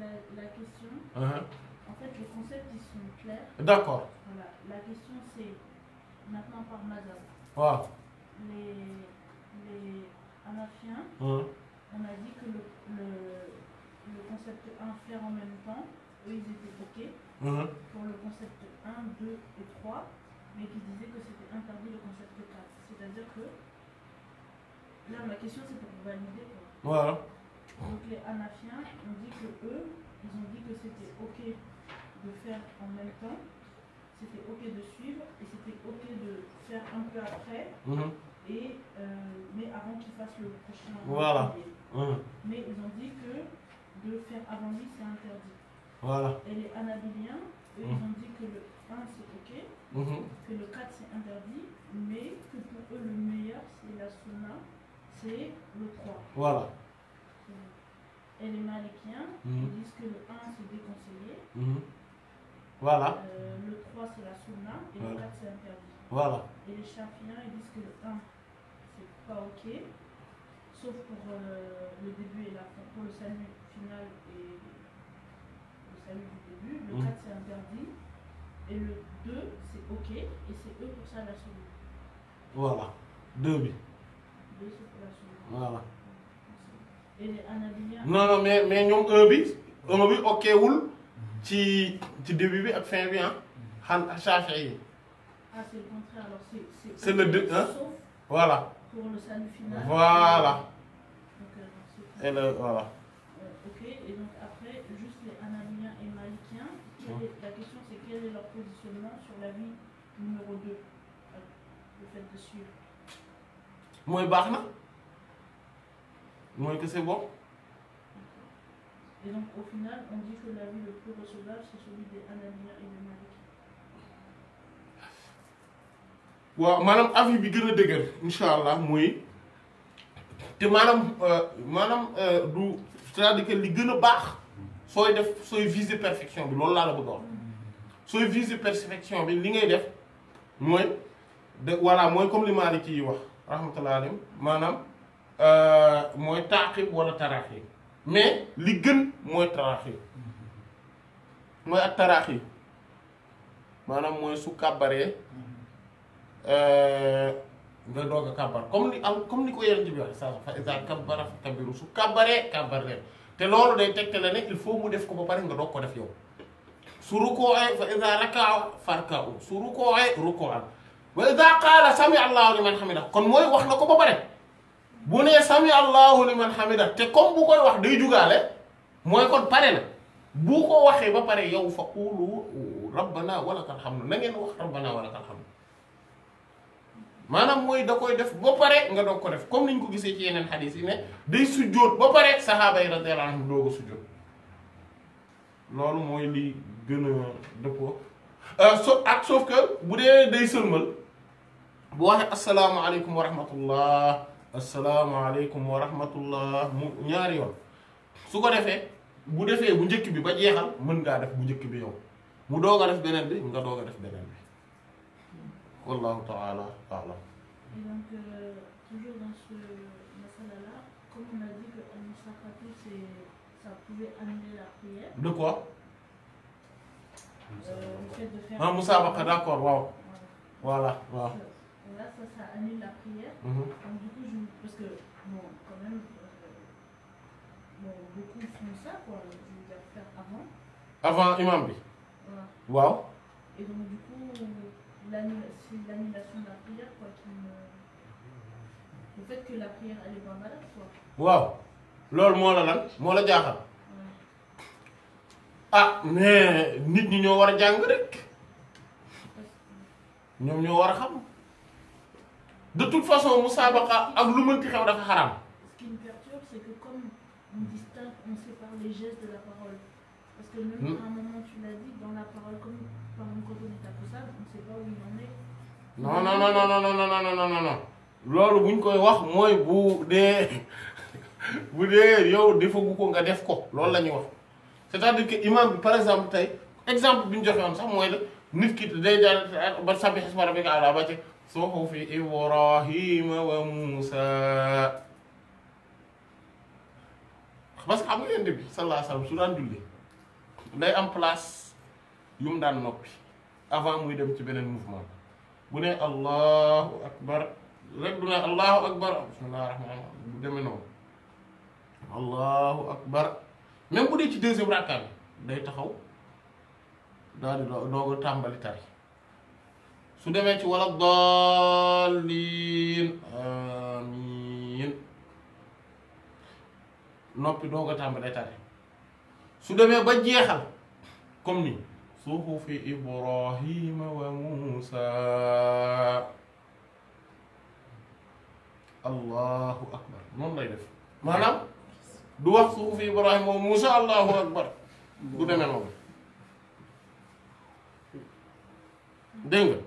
la question. Uh-huh. en fait les concepts ils sont clairs. d'accord. voilà la question c'est maintenant par madame. waaw. les les hanafiens. Uh-huh. on a dit que le le le concept un faire en même temps eux ils étaient ok. Uh-huh. pour le concept 1, 2 et 3, mais qui disait que c'était interdit le concept de classe. C'est-à-dire que là, ma question, c'est pour valider. Quoi. Voilà. Donc les anafiens ont dit que eux, ils ont dit que c'était OK de faire en même temps, c'était OK de suivre, et c'était OK de faire un peu après. Mhm. Et, euh, mais avant qu'ils fassent le prochain. Voilà. Mhm. Mais ils ont dit que de faire avant lui, c'est interdit. Voilà. Et les anabiliens, ils mhm. ont dit que le 1 c'est ok, mhm. que le 4 c'est interdit, mais que pour eux le meilleur c'est la sunna, c'est le 3. Voilà. Et les malékiens, mhm. ils disent que le 1 c'est déconseillé. Mhm. Voilà. Euh, le 3 c'est la sunna et le 4 c'est interdit. Voilà. Et les chafiens, ils disent que le 1 c'est pas ok, sauf pour euh, le début et la fin, pour le salut final et le salut du début. Le 4 c'est interdit et le 2, c'est OK, et c'est E pour ça la seconde. Voilà. 2 bi. 2 c'est pour la souveraineté. Voilà. Et les anabiliens. non non mais mais ñoom 1 bi 1 bi OK oul, ci ci début bi finis, fin bien, hein. ah. Eh. ah c'est le contraire alors c'est. c'est e. le 2 hein voilà. pour le salut final. voilà. Euh, et le voilà. Euh, OK et donc après juste les anabiliens et malikiens leur positionnement sur la vie numéro 2 euh, Le fait de suivre. moi baax na moi que c'est bon. Et donc au final, on dit que l'avis le plus recevable, c'est celui des Hanabiya et des Malik oui, madame, avis bi gëna a Inch'Allah, moy té manam euh manam euh du c'est-à-dire que li gëna bax soy def soy viser perfection bi loolu la la bëgg sooy viser perfection bi li ngay def mooy de voilà mooy comme li Maalik yi wax rahmatullahi alayhi maanaam euh, mooy taaqib wala taraaxi mais li gën mooy taraaxi mooy ak taraaxi maanaam mooy su kàbbaree euh, nga doog a kàbbar comme ni am comme ni ko yéen jibi wax saa fa isa kàbbara fa kabiru su kàbbaree kàbbar leen te loolu day tegte la ne il faut mu def ko ba pare nga doog ko def yow su rukkooee fa ida rakaa farka'u su rukkooee rukkoo'an wa ida qaala sami allahu liman hamida kon mooy wax na ko ba pare bu nee sami allahu liman hamida te comme bu koy wax day jugaale mooy kon pare na bu ko waxee ba pare yow fa quulu rabbana walakal hamdu na ngeen wax rabbana walakal hamdu maanaam mooy da koy def ba pare nga doog ko def comme niñ ko gisee ci yeneen xadis yi ne day sujjóot ba pare sahaaba yi radiyallahu anhum dooga sujjóot loolu mooy lii gën a dëppoo so ak sauf que bu dee day sëlmal bu waxee asalaamaaleykum wa rahmatullah asalaamaaleykum wa rahmatullah mu ñaari yoon su ko defee bu defee bu njëkk bi ba jeexal mën ngaa def bu njëkk bi yow mu doog a def beneen bi nga doog a def beneen bi wallahu taala alam donc toujours dans ce masala-là comme on a dit que an-nusakha ça pouvait annuler la prière de quoi non ah musaabaqa d'accord waouh. voilà voilà là ça ça annule la prière. Mhm. donc du coup je parce que bon quand même euh, bon beaucoup font ça quoi je vais faire avant. avant imam bi. waaw Waouh. et donc du coup l'annulation l'annulation de la prière quoi qui me le fait que la prière elle est pas valable quoi. Waouh. loolu moo la là, moo la jaaxal ah mais nit ñi ñoo rek ñoo xam de toute façon musabaqa ak lu ce qui me perturbe c'est que comme on distingue, on sépare les gestes de la parole parce que même hmm. à un moment tu l'as dit dans la parole comme par exemple on est on sait pas où il en est. non non non non non non non non non non non, non. non, non, non, non, non, non, non, non, non, non, non, non, non, non, non, non, non, c'est-à-dire que bi par exemple tey exemple bi ñu joxe woon sax mooy la nit ki day daal ba sabbih isma rabbika ala ba ci suhufi Ibrahima wa Musa parce que xam nga yonent bi sallallahu alayhi wa sallam su daan julli day am place yu mu daan noppi avant muy dem ci beneen mouvement bu ne allahu akbar rek du ne akbar bismillahi rahmaani akbar même bu dee ci deuxième rakka bi day taxaw daal di doog tàmbali tari su demee ci wala daalliin amiin noppi doog a tàmbali tari su demee ba jeexal comme ni suhufi ibrahima wa muusa allahu akbar moom lay def maanaam du wax suuf Ibrahima wa Moussa allahu akbar du demee noonu dégg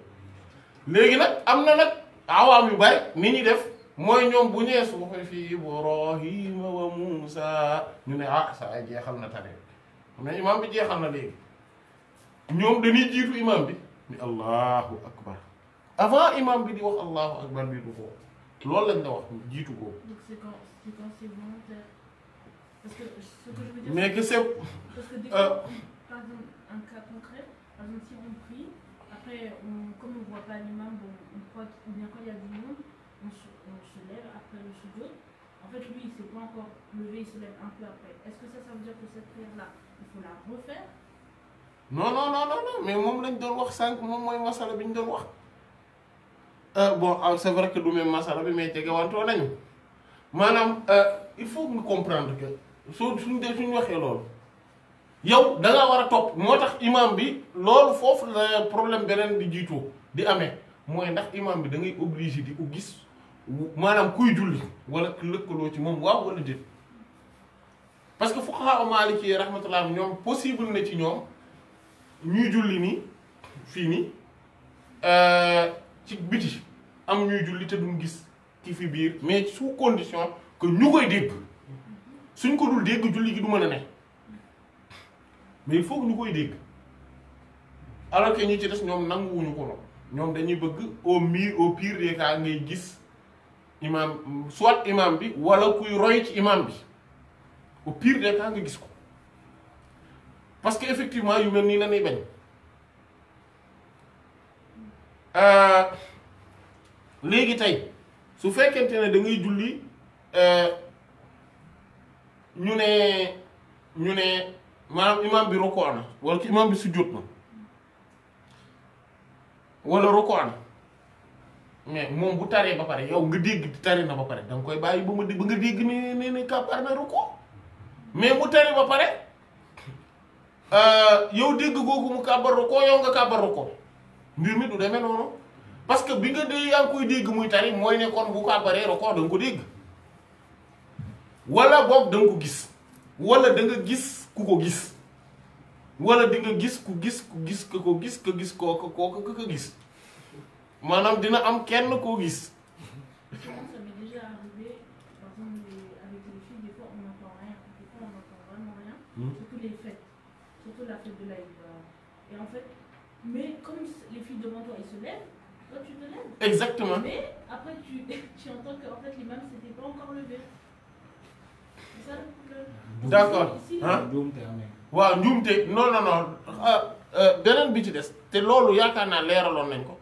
léegi nag am na nag awaam yu bari ni ñuy def mooy ñoom bu ñëwee suufi fi wa Moussa ñu ne ah sa ay jeexal na tane mais imaam bi jeexal na léegi ñoom dañuy jiitu imaam bi ni allahu akbar avant imaam bi di wax allahu akbar bi du ko loolu lañ la wax jiitu ko. Parce que ce que je veux dire. Mais que c'est. que euh... un cas concret, par exemple, si on prie, après, on, comme on ne voit pas l'imam, on croit qu'il quand il y a du monde, on se, lève après le sujet. En fait, lui, il ne s'est pas encore levé, il se lève un peu après. Est-ce que ça, ça veut dire que cette prière-là, il faut la refaire non non non non non mais moi lañ doon wax sànq moom mooy masala bi de doon euh, bon ah, c'est vrai que je suis masala bi mais jegewantoo nañu Madame, euh, il faut me comprendre que soo suñ dee suñ waxee loolu yow da war a topp moo tax imam bi loolu foofu la problème beneen di jiitoo di amee mooy ndax imam bi da ngay obligé di ko gis maanaam kuy julli wala lëkkaloo ci moom waaw wala déet parce que fuqaha maliki yi rahmatullah ñoom possible na ci ñoom ñuy julli nii fii nii euh, ci biti am ñuy julli te duñ gis ci fi biir mais sous condition que ñu koy dégg suñ ko dul dégg julli gi du mën a ne mais il faut ñu koy dégg alors que ñu ci ñom nangu wuñu ko noonu ñom dañuy bëgg au mire au pire des cas ngay gis imam soit imam bi wala kuy roy ci imam bi au pire des cas nga gis ko parce que effectivement yu melni lañuy bañ euh légui tay su fekkentene da ngay julli. euh ñu ne ñu ne maanaam imaam bi rukoo na wala ci imaam bi sujjóot na wala rukoo na mais moom bu taree ba pare yow nga dégg tari na ba pare da koy bàyyi ba ma nga dégg ne ne ne kàbbaar na rukoo mais mu tari ba pare euh, yow dégg googu mu kàbbar rukoo yow nga kàbbar rukoo mbir mi du demee noonu parce que bi nga dee yaa koy dégg muy tari mooy ne kon bu kàbbaree rukoo da nga ko dégg. wala bok danga guiss wala danga guiss kuko guiss wala dinga guiss ku guiss ku guiss koko guiss ka guiss koko koko ka ka guiss manam dina am kenn ko guiss manam ça m'est déjà arrivé par exemple avec les filles des fois on n'a pas rien on n'entend vraiment rien surtout les fêtes surtout la fête de l'Aïd et en fait mais comme les filles devant toi y se lèvent toi tu te lèves exactement mais après <laughs> tu entends que en fait les mames c'était pas encore levées d' accord ah waaw njuumte non non ah, euh, beneen bi ci des te loolu yaakaar naa leeraloon nañ ko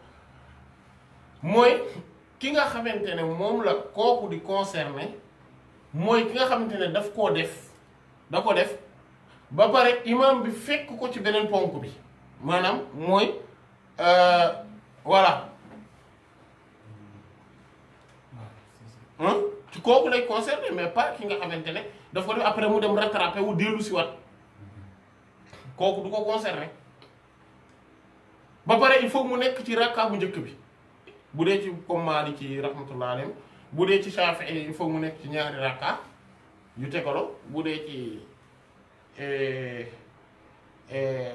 mooy ki nga xamante ne moom la kooku di concerné mooy ki nga xamante ne daf koo def da ko def ba pare imaam bi fekk ko ci beneen ponk bi maanaam mooy euh, voilà. Ah, kooku lay concerné mais pas yi nga xamante ne daf ko def après mu dem rattrapé wu dellu si wat kooku du ko concerné ba pare il faut mu nekk ci rakka bu njëkk bi bu dee ci comme Maalik ci rahmatullah alayhi bu dee ci Shaafi'i il faut mu nekk ci ñaari rakka yu tegalo bu dee ci eh, eh,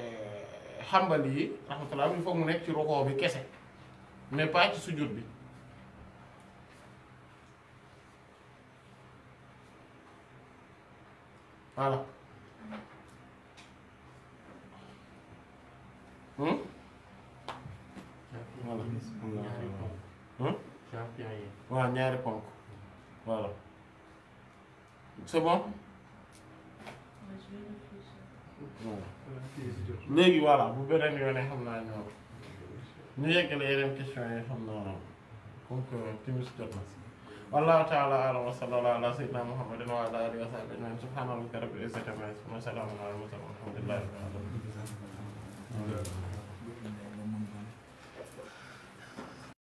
Hanbali yi rahmatullah il faut mu nekk ci rukoo bi kese mais pas ci sujud bi voilà hum voilà ñaari ponk voilà c'est bon léegi voilà bu beneen yoonee xam naa ñoom ñu yeggale yeneen question yi xam naa comme que timis jot na wallahu taala alam wa sallallahu ala sayyidina muhammadin wa ala alihi wa sahbihi ajma'in subhana rabbika rabbil izzati amma yasifun wa salamun ala al mursalin walhamdulillahi rabbil alamin